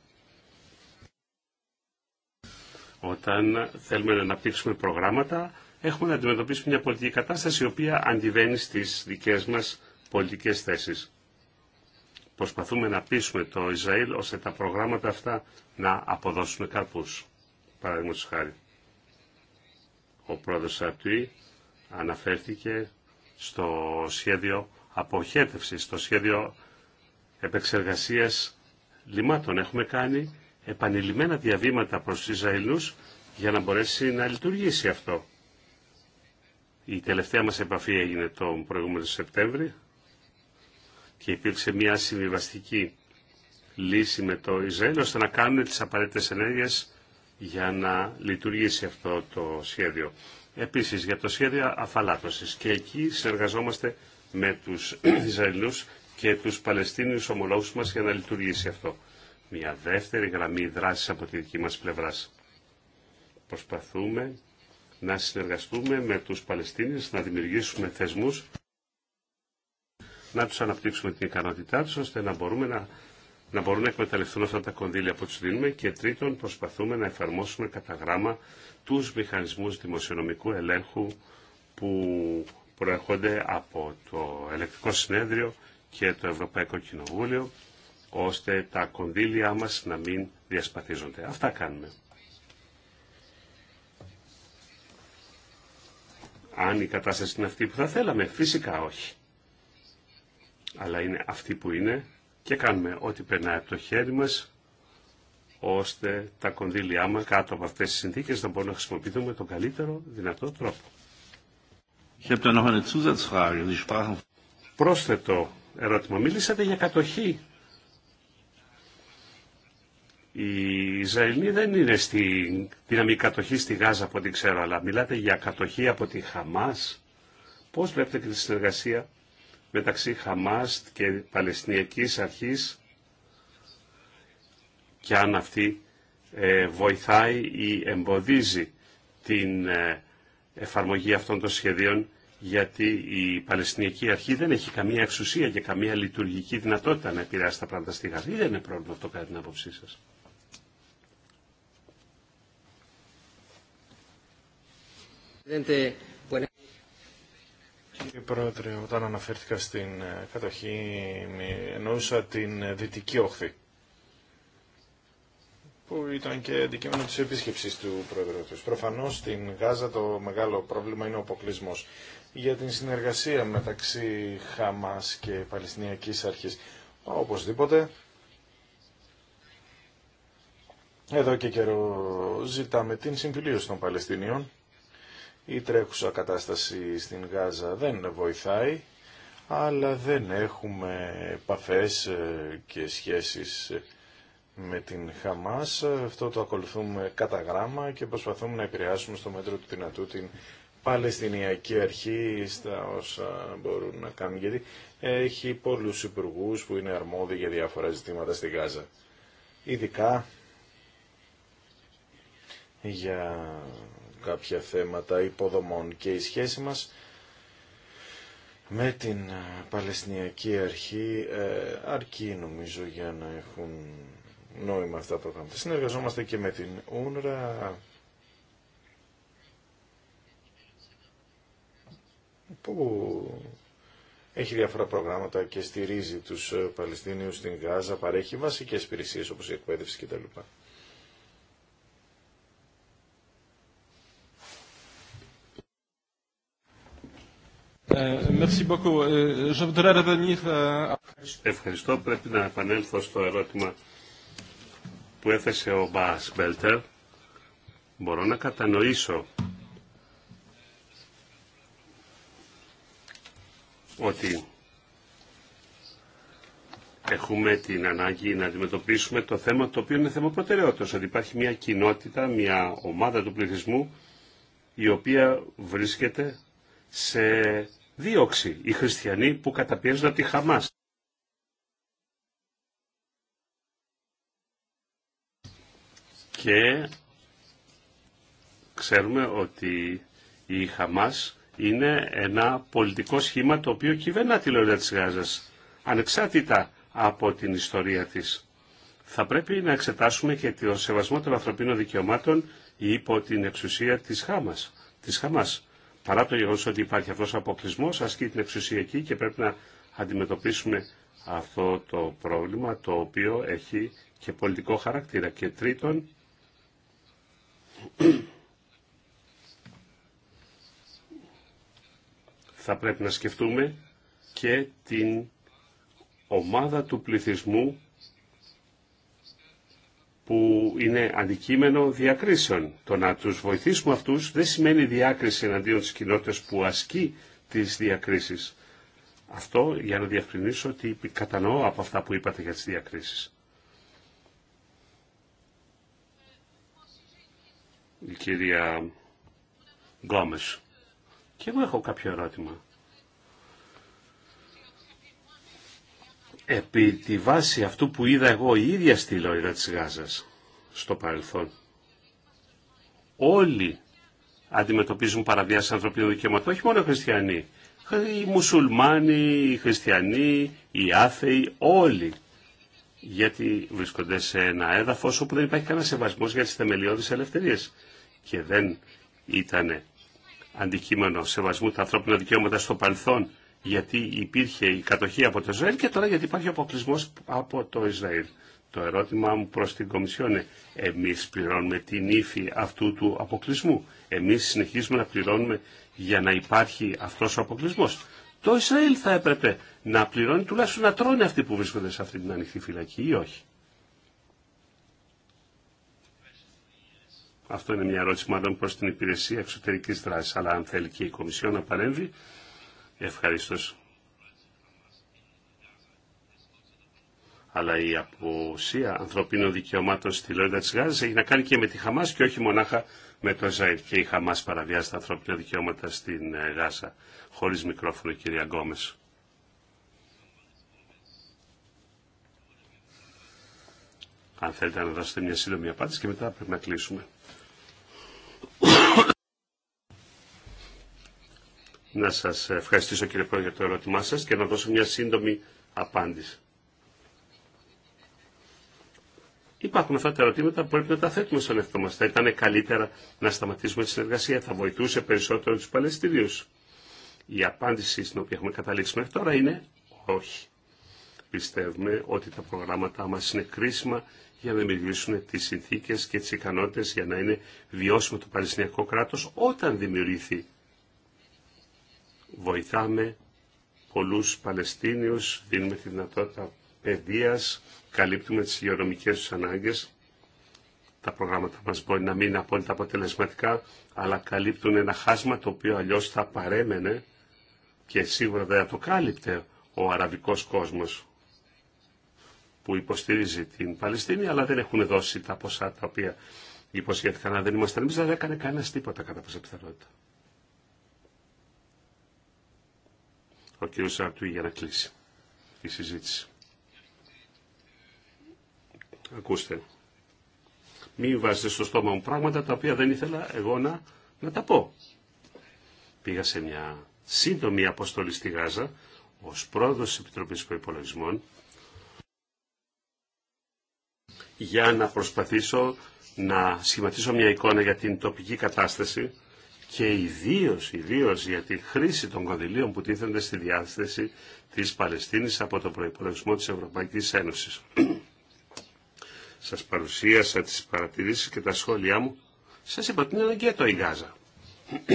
S2: όταν θέλουμε να αναπτύξουμε προγράμματα, έχουμε να αντιμετωπίσουμε μια πολιτική κατάσταση η οποία αντιβαίνει στις δικές μας πολιτικές θέσεις. Προσπαθούμε να πείσουμε το Ισραήλ ώστε τα προγράμματα αυτά να αποδώσουν καρπούς. Παραδείγματο χάρη. Ο πρόεδρος Σαρτουή αναφέρθηκε στο σχέδιο αποχέτευσης, στο σχέδιο επεξεργασίας λιμάτων. Έχουμε κάνει επανειλημμένα διαβήματα προς τους Ισραηλούς για να μπορέσει να λειτουργήσει αυτό. Η τελευταία μας επαφή έγινε τον προηγούμενο Σεπτέμβρη και υπήρξε μια συμβιβαστική λύση με το Ισραήλ ώστε να κάνουν τις απαραίτητες ενέργειες για να λειτουργήσει αυτό το σχέδιο. Επίσης για το σχέδιο αφαλάτωσης και εκεί συνεργαζόμαστε με τους Ισραηλούς και τους Παλαιστίνιους ομολόγους μας για να λειτουργήσει αυτό. Μια δεύτερη γραμμή δράσης από τη δική μας πλευρά. Προσπαθούμε να συνεργαστούμε με τους Παλαιστίνιους, να δημιουργήσουμε θεσμούς, να τους αναπτύξουμε την ικανότητά τους, ώστε να μπορούμε να, να μπορούν να εκμεταλλευτούν αυτά τα κονδύλια που τους δίνουμε και τρίτον προσπαθούμε να εφαρμόσουμε κατά γράμμα τους μηχανισμούς δημοσιονομικού ελέγχου που προέρχονται από το ελεκτικό συνέδριο και το Ευρωπαϊκό Κοινοβούλιο, ώστε τα κονδύλια μας να μην διασπαθίζονται. Αυτά κάνουμε. Αν η κατάσταση είναι αυτή που θα θέλαμε, φυσικά όχι. Αλλά είναι αυτή που είναι και κάνουμε ό,τι περνάει από το χέρι μας, ώστε τα κονδύλια μας κάτω από αυτές τις συνθήκες να μπορούν να χρησιμοποιηθούν με τον καλύτερο δυνατό τρόπο. Πρόσθετο ερώτημα. Μίλησατε για κατοχή. Οι Ισραηλοί δεν είναι στη δύναμη κατοχή στη Γάζα από ό,τι ξέρω, αλλά μιλάτε για κατοχή από τη Χαμάς. Πώς βλέπετε τη συνεργασία μεταξύ Χαμάς και Παλαιστινιακής Αρχής και αν αυτή ε, βοηθάει ή εμποδίζει την ε, εφαρμογή αυτών των σχεδίων γιατί η Παλαιστινιακή Αρχή δεν έχει καμία εξουσία και καμία λειτουργική δυνατότητα να επηρεάσει τα πράγματα στη Γαζή Δεν είναι πρόβλημα αυτό κατά την άποψή σα.
S1: Κύριε Πρόεδρε, όταν αναφέρθηκα στην ε, κατοχή εννοούσα την ε, Δυτική Όχθη που ήταν και αντικείμενο της επίσκεψης του Πρόεδρου του. Προφανώς στην Γάζα το μεγάλο πρόβλημα είναι ο αποκλεισμός για την συνεργασία μεταξύ Χαμάς και Παλαιστινιακής Αρχής. Οπωσδήποτε, εδώ και καιρό ζητάμε την συμφιλίωση των Παλαιστινίων. Η τρέχουσα κατάσταση στην Γάζα δεν βοηθάει, αλλά δεν έχουμε παφές ε, και σχέσεις ε, με την Χαμάς. Αυτό το ακολουθούμε κατά γράμμα και προσπαθούμε να επηρεάσουμε στο μέτρο του δυνατού την Παλαιστινιακή Αρχή στα όσα μπορούν να κάνουν, γιατί έχει πολλούς υπουργού που είναι αρμόδιοι για διάφορα ζητήματα στη Γάζα. Ειδικά για κάποια θέματα υποδομών και η σχέση μας με την Παλαιστινιακή Αρχή ε, αρκεί νομίζω για να έχουν νόημα αυτά τα πράγματα. Συνεργαζόμαστε και με την Ούνρα που έχει διάφορα προγράμματα και στηρίζει τους ε, Παλαιστίνιους στην Γάζα, παρέχει βασικές υπηρεσίες όπως η εκπαίδευση κτλ. Ε, ε,
S2: Ευχαριστώ. Πρέπει να επανέλθω στο ερώτημα που έθεσε ο Μπάς Μπέλτερ. Μπορώ να κατανοήσω ότι έχουμε την ανάγκη να αντιμετωπίσουμε το θέμα το οποίο είναι θέμα προτεραιότητας, ότι υπάρχει μια κοινότητα, μια ομάδα του πληθυσμού η οποία βρίσκεται σε δίωξη, οι χριστιανοί που καταπιέζονται από τη Χαμάς. Και ξέρουμε ότι η Χαμάς είναι ένα πολιτικό σχήμα το οποίο κυβερνά τη Λόγια της Γάζας, ανεξάρτητα από την ιστορία της. Θα πρέπει να εξετάσουμε και το σεβασμό των ανθρωπίνων δικαιωμάτων υπό την εξουσία της Χάμας. Της Χαμάς. Παρά το γεγονός ότι υπάρχει αυτός ο αποκλεισμός, ασκεί την εξουσία εκεί και πρέπει να αντιμετωπίσουμε αυτό το πρόβλημα το οποίο έχει και πολιτικό χαρακτήρα. Και τρίτον, θα πρέπει να σκεφτούμε και την ομάδα του πληθυσμού που είναι αντικείμενο διακρίσεων. Το να τους βοηθήσουμε αυτούς δεν σημαίνει διάκριση εναντίον της κοινότητας που ασκεί τις διακρίσεις. Αυτό για να διευκρινίσω ότι κατανοώ από αυτά που είπατε για τις διακρίσεις. Η κυρία Γκόμες. Και εγώ έχω κάποιο ερώτημα. Επί τη βάση αυτού που είδα εγώ η ίδια στη Λόιδα της Γάζας στο παρελθόν, όλοι αντιμετωπίζουν παραβιάσεις ανθρωπίνων δικαιωμάτων, όχι μόνο οι χριστιανοί, οι μουσουλμάνοι, οι χριστιανοί, οι άθεοι, όλοι. Γιατί βρίσκονται σε ένα έδαφος όπου δεν υπάρχει κανένα σεβασμός για τις θεμελιώδεις ελευθερίες. Και δεν ήταν αντικείμενο σεβασμού τα ανθρώπινα δικαιώματα στο παρελθόν γιατί υπήρχε η κατοχή από το Ισραήλ και τώρα γιατί υπάρχει αποκλεισμό από το Ισραήλ. Το ερώτημά μου προς την Κομισιόν είναι εμείς πληρώνουμε την ύφη αυτού του αποκλεισμού. Εμείς συνεχίζουμε να πληρώνουμε για να υπάρχει αυτός ο αποκλεισμό. Το Ισραήλ θα έπρεπε να πληρώνει τουλάχιστον να τρώνε αυτοί που βρίσκονται σε αυτή την ανοιχτή φυλακή ή όχι. Αυτό είναι μια ερώτηση μάλλον προς την υπηρεσία εξωτερικής δράσης, αλλά αν θέλει και η Κομισιόν να παρέμβει, ευχαριστώ. Αλλά η αποσία ανθρωπίνων δικαιωμάτων στη Λόριδα της Γάζας έχει να κάνει και με τη Χαμάς και όχι μονάχα με το Ζαΐρ. Και η Χαμάς παραβιάζει τα ανθρώπινα δικαιώματα στην ε, Γάζα. Χωρίς μικρόφωνο κυρία Γκόμες. Αν θέλετε να δώσετε μια σύντομη απάντηση και μετά πρέπει να κλείσουμε να σας ευχαριστήσω κύριε Πρόεδρε για το ερώτημά σας και να δώσω μια σύντομη απάντηση. Υπάρχουν αυτά τα ερωτήματα που πρέπει να τα θέτουμε στον εαυτό μας. Θα ήταν καλύτερα να σταματήσουμε τη συνεργασία, θα βοηθούσε περισσότερο τους Παλαιστινίους. Η απάντηση στην οποία έχουμε καταλήξει μέχρι τώρα είναι όχι. Πιστεύουμε ότι τα προγράμματά μας είναι κρίσιμα για να δημιουργήσουν τις συνθήκε και τις ικανότητε για να είναι βιώσιμο το Παλαιστινιακό κράτος όταν δημιουργηθεί. Βοηθάμε πολλού Παλαιστίνιους, δίνουμε τη δυνατότητα παιδεία, καλύπτουμε τις υγειονομικέ του ανάγκες. Τα προγράμματα μας μπορεί να μην είναι απόλυτα αποτελεσματικά, αλλά καλύπτουν ένα χάσμα το οποίο αλλιώ θα παρέμενε και σίγουρα δεν θα το κάλυπτε ο αραβικός κόσμος που υποστηρίζει την Παλαιστίνη, αλλά δεν έχουν δώσει τα ποσά τα οποία υποσχέθηκαν. Αν δεν είμαστε εμεί, δεν έκανε κανένα τίποτα κατά πάσα πιθανότητα. Ο κ. Σαρτουή για να κλείσει τη συζήτηση. Ακούστε. Μην βάζετε στο στόμα μου πράγματα τα οποία δεν ήθελα εγώ να, να τα πω. Πήγα σε μια σύντομη αποστολή στη Γάζα ως πρόεδρος της Επιτροπής Προϋπολογισμών για να προσπαθήσω να σχηματίσω μια εικόνα για την τοπική κατάσταση και ιδίω ιδίως για τη χρήση των κονδυλίων που τίθενται στη διάθεση της Παλαιστίνης από τον προϋπολογισμό της Ευρωπαϊκής Ένωσης. Σας παρουσίασα τις παρατηρήσεις και τα σχόλιά μου. Σας είπα ότι είναι το η Γάζα.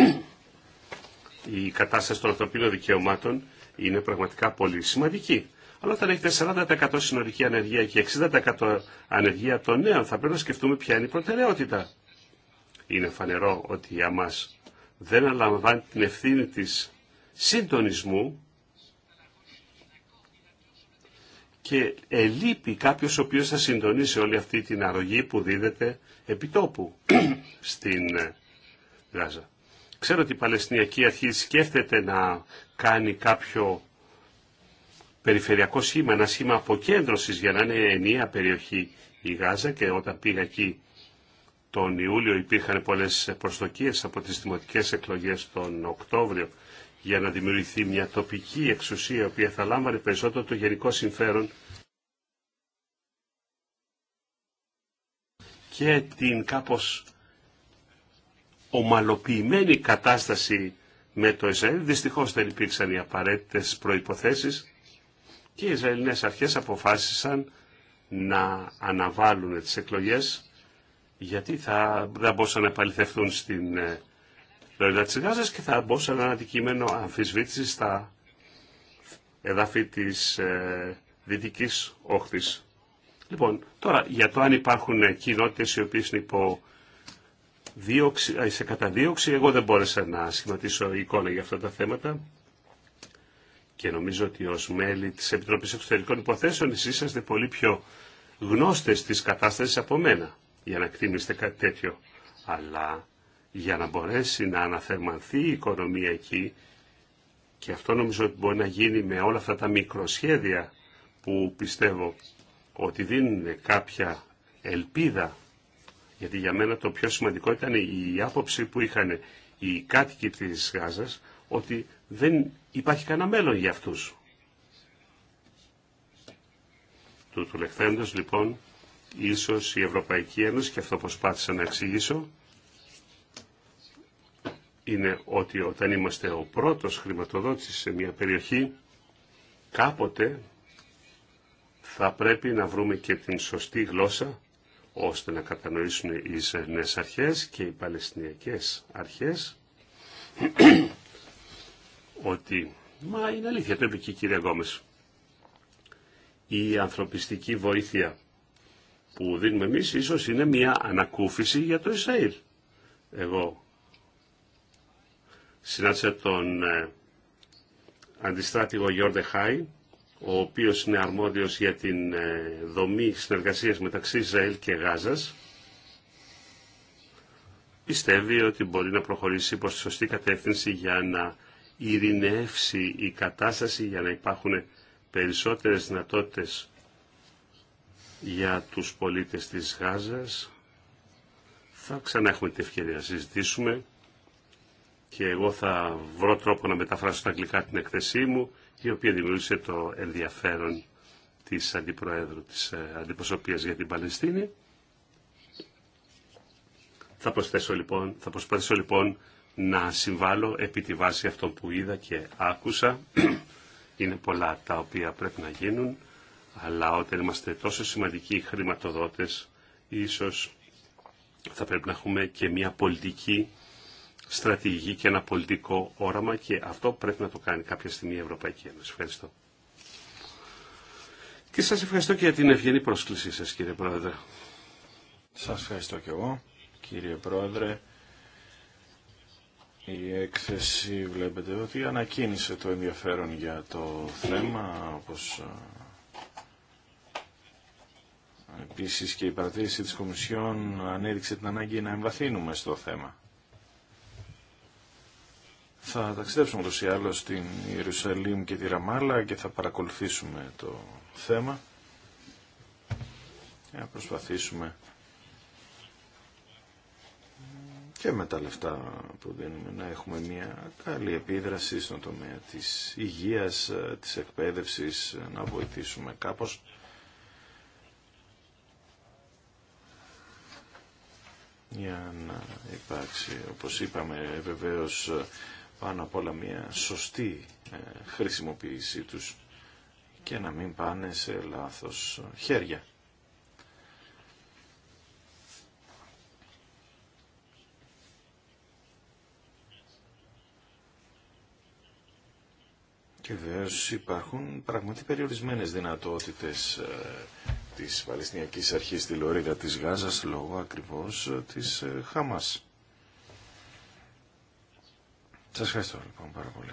S2: η κατάσταση των ανθρωπίνων δικαιωμάτων είναι πραγματικά πολύ σημαντική. Αλλά όταν έχετε 40% συνολική ανεργία και 60% ανεργία των νέων, θα πρέπει να σκεφτούμε ποια είναι η προτεραιότητα. Είναι φανερό ότι για μας δεν αναλαμβάνει την ευθύνη της συντονισμού και ελείπει κάποιος ο οποίος θα συντονίσει όλη αυτή την αρρωγή που δίδεται επιτόπου στην ε, Γάζα. Ξέρω ότι η Παλαιστινιακή Αρχή σκέφτεται να κάνει κάποιο περιφερειακό σχήμα, ένα σχήμα αποκέντρωση για να είναι ενιαία περιοχή η Γάζα και όταν πήγα εκεί τον Ιούλιο υπήρχαν πολλές προσδοκίες από τις δημοτικές εκλογές τον Οκτώβριο για να δημιουργηθεί μια τοπική εξουσία η οποία θα λάμβανε περισσότερο το γενικό συμφέρον και την κάπως ομαλοποιημένη κατάσταση με το Ισραήλ. Δυστυχώς δεν υπήρξαν οι απαραίτητες προϋποθέσεις και οι Ισραηλινές αρχές αποφάσισαν να αναβάλουν τις εκλογές γιατί θα, θα μπορούσαν να επαληθευτούν στην ε, Λόριδα της Γάζας και θα μπορούσαν να αντικείμενο αμφισβήτηση στα εδάφη της ε, Δυτικής Όχθης. Λοιπόν, τώρα για το αν υπάρχουν κοινότητε οι οποίε είναι υπό δίωξη, ε, σε καταδίωξη, εγώ δεν μπόρεσα να σχηματίσω εικόνα για αυτά τα θέματα και νομίζω ότι ως μέλη της Επιτροπής Εξωτερικών Υποθέσεων εσείς είσαστε πολύ πιο γνώστες της κατάστασης από μένα για να εκτιμήσετε κάτι τέτοιο. Αλλά για να μπορέσει να αναθερμανθεί η οικονομία εκεί και αυτό νομίζω ότι μπορεί να γίνει με όλα αυτά τα μικροσχέδια που πιστεύω ότι δίνουν κάποια ελπίδα γιατί για μένα το πιο σημαντικό ήταν η άποψη που είχαν οι κάτοικοι της Γάζας ότι δεν υπάρχει κανένα μέλλον για αυτούς. Του τουλεχθέντος λοιπόν, ίσως η Ευρωπαϊκή Ένωση, και αυτό προσπάθησα να εξηγήσω, είναι ότι όταν είμαστε ο πρώτος χρηματοδότης σε μια περιοχή, κάποτε θα πρέπει να βρούμε και την σωστή γλώσσα, ώστε να κατανοήσουν οι Ισραηλινές αρχές και οι Παλαιστινιακές αρχές ότι, μα είναι αλήθεια, το είπε και η κυρία Γκόμες, η ανθρωπιστική βοήθεια που δίνουμε εμείς ίσως είναι μια ανακούφιση για το Ισραήλ. Εγώ συνάντησα τον ε, αντιστράτηγο Γιόρντε Χάι, ο οποίος είναι αρμόδιος για την ε, δομή συνεργασίας μεταξύ Ισραήλ και Γάζας, πιστεύει ότι μπορεί να προχωρήσει προς τη σωστή κατεύθυνση για να ειρηνεύσει η κατάσταση για να υπάρχουν περισσότερες δυνατότητες για τους πολίτες της Γάζας. Θα ξανά έχουμε την ευκαιρία να συζητήσουμε και εγώ θα βρω τρόπο να μεταφράσω στα αγγλικά την εκθεσή μου η οποία δημιούργησε το ενδιαφέρον της Αντιπροέδρου της ε, Αντιπροσωπείας για την Παλαιστίνη. Θα, προσθέσω, λοιπόν, θα προσπαθήσω λοιπόν να συμβάλλω επί τη βάση αυτό που είδα και άκουσα. Είναι πολλά τα οποία πρέπει να γίνουν, αλλά όταν είμαστε τόσο σημαντικοί χρηματοδότες, ίσως θα πρέπει να έχουμε και μια πολιτική στρατηγική και ένα πολιτικό όραμα και αυτό πρέπει να το κάνει κάποια στιγμή η Ευρωπαϊκή Ένωση. Ευχαριστώ. Και σας ευχαριστώ και για την ευγενή πρόσκλησή σας κύριε Πρόεδρε. Σας ευχαριστώ και εγώ κύριε Πρόεδρε.
S1: Η έκθεση βλέπετε ότι ανακοίνησε το ενδιαφέρον για το θέμα, όπως ε, επίσης και η παρατήρηση της Κομισιόν ανέδειξε την ανάγκη να εμβαθύνουμε στο θέμα. Θα ταξιδέψουμε ούτως ή άλλως στην Ιερουσαλήμ και τη Ραμάλα και θα παρακολουθήσουμε το θέμα. Και να προσπαθήσουμε και με τα λεφτά που δίνουμε να έχουμε μια καλή επίδραση στον τομέα της υγείας, της εκπαίδευσης, να βοηθήσουμε κάπως. για να υπάρξει, όπως είπαμε βεβαίως πάνω απ' όλα μια σωστή ε, χρησιμοποίησή τους και να μην πάνε σε λάθος χέρια. Και υπάρχουν πραγματικά περιορισμένες δυνατότητες ε, της Παλαιστινιακής Αρχής στη Λωρίδα της Γάζας λόγω ακριβώς ε, της ε, Χαμάς. Σας ευχαριστώ λοιπόν πάρα πολύ.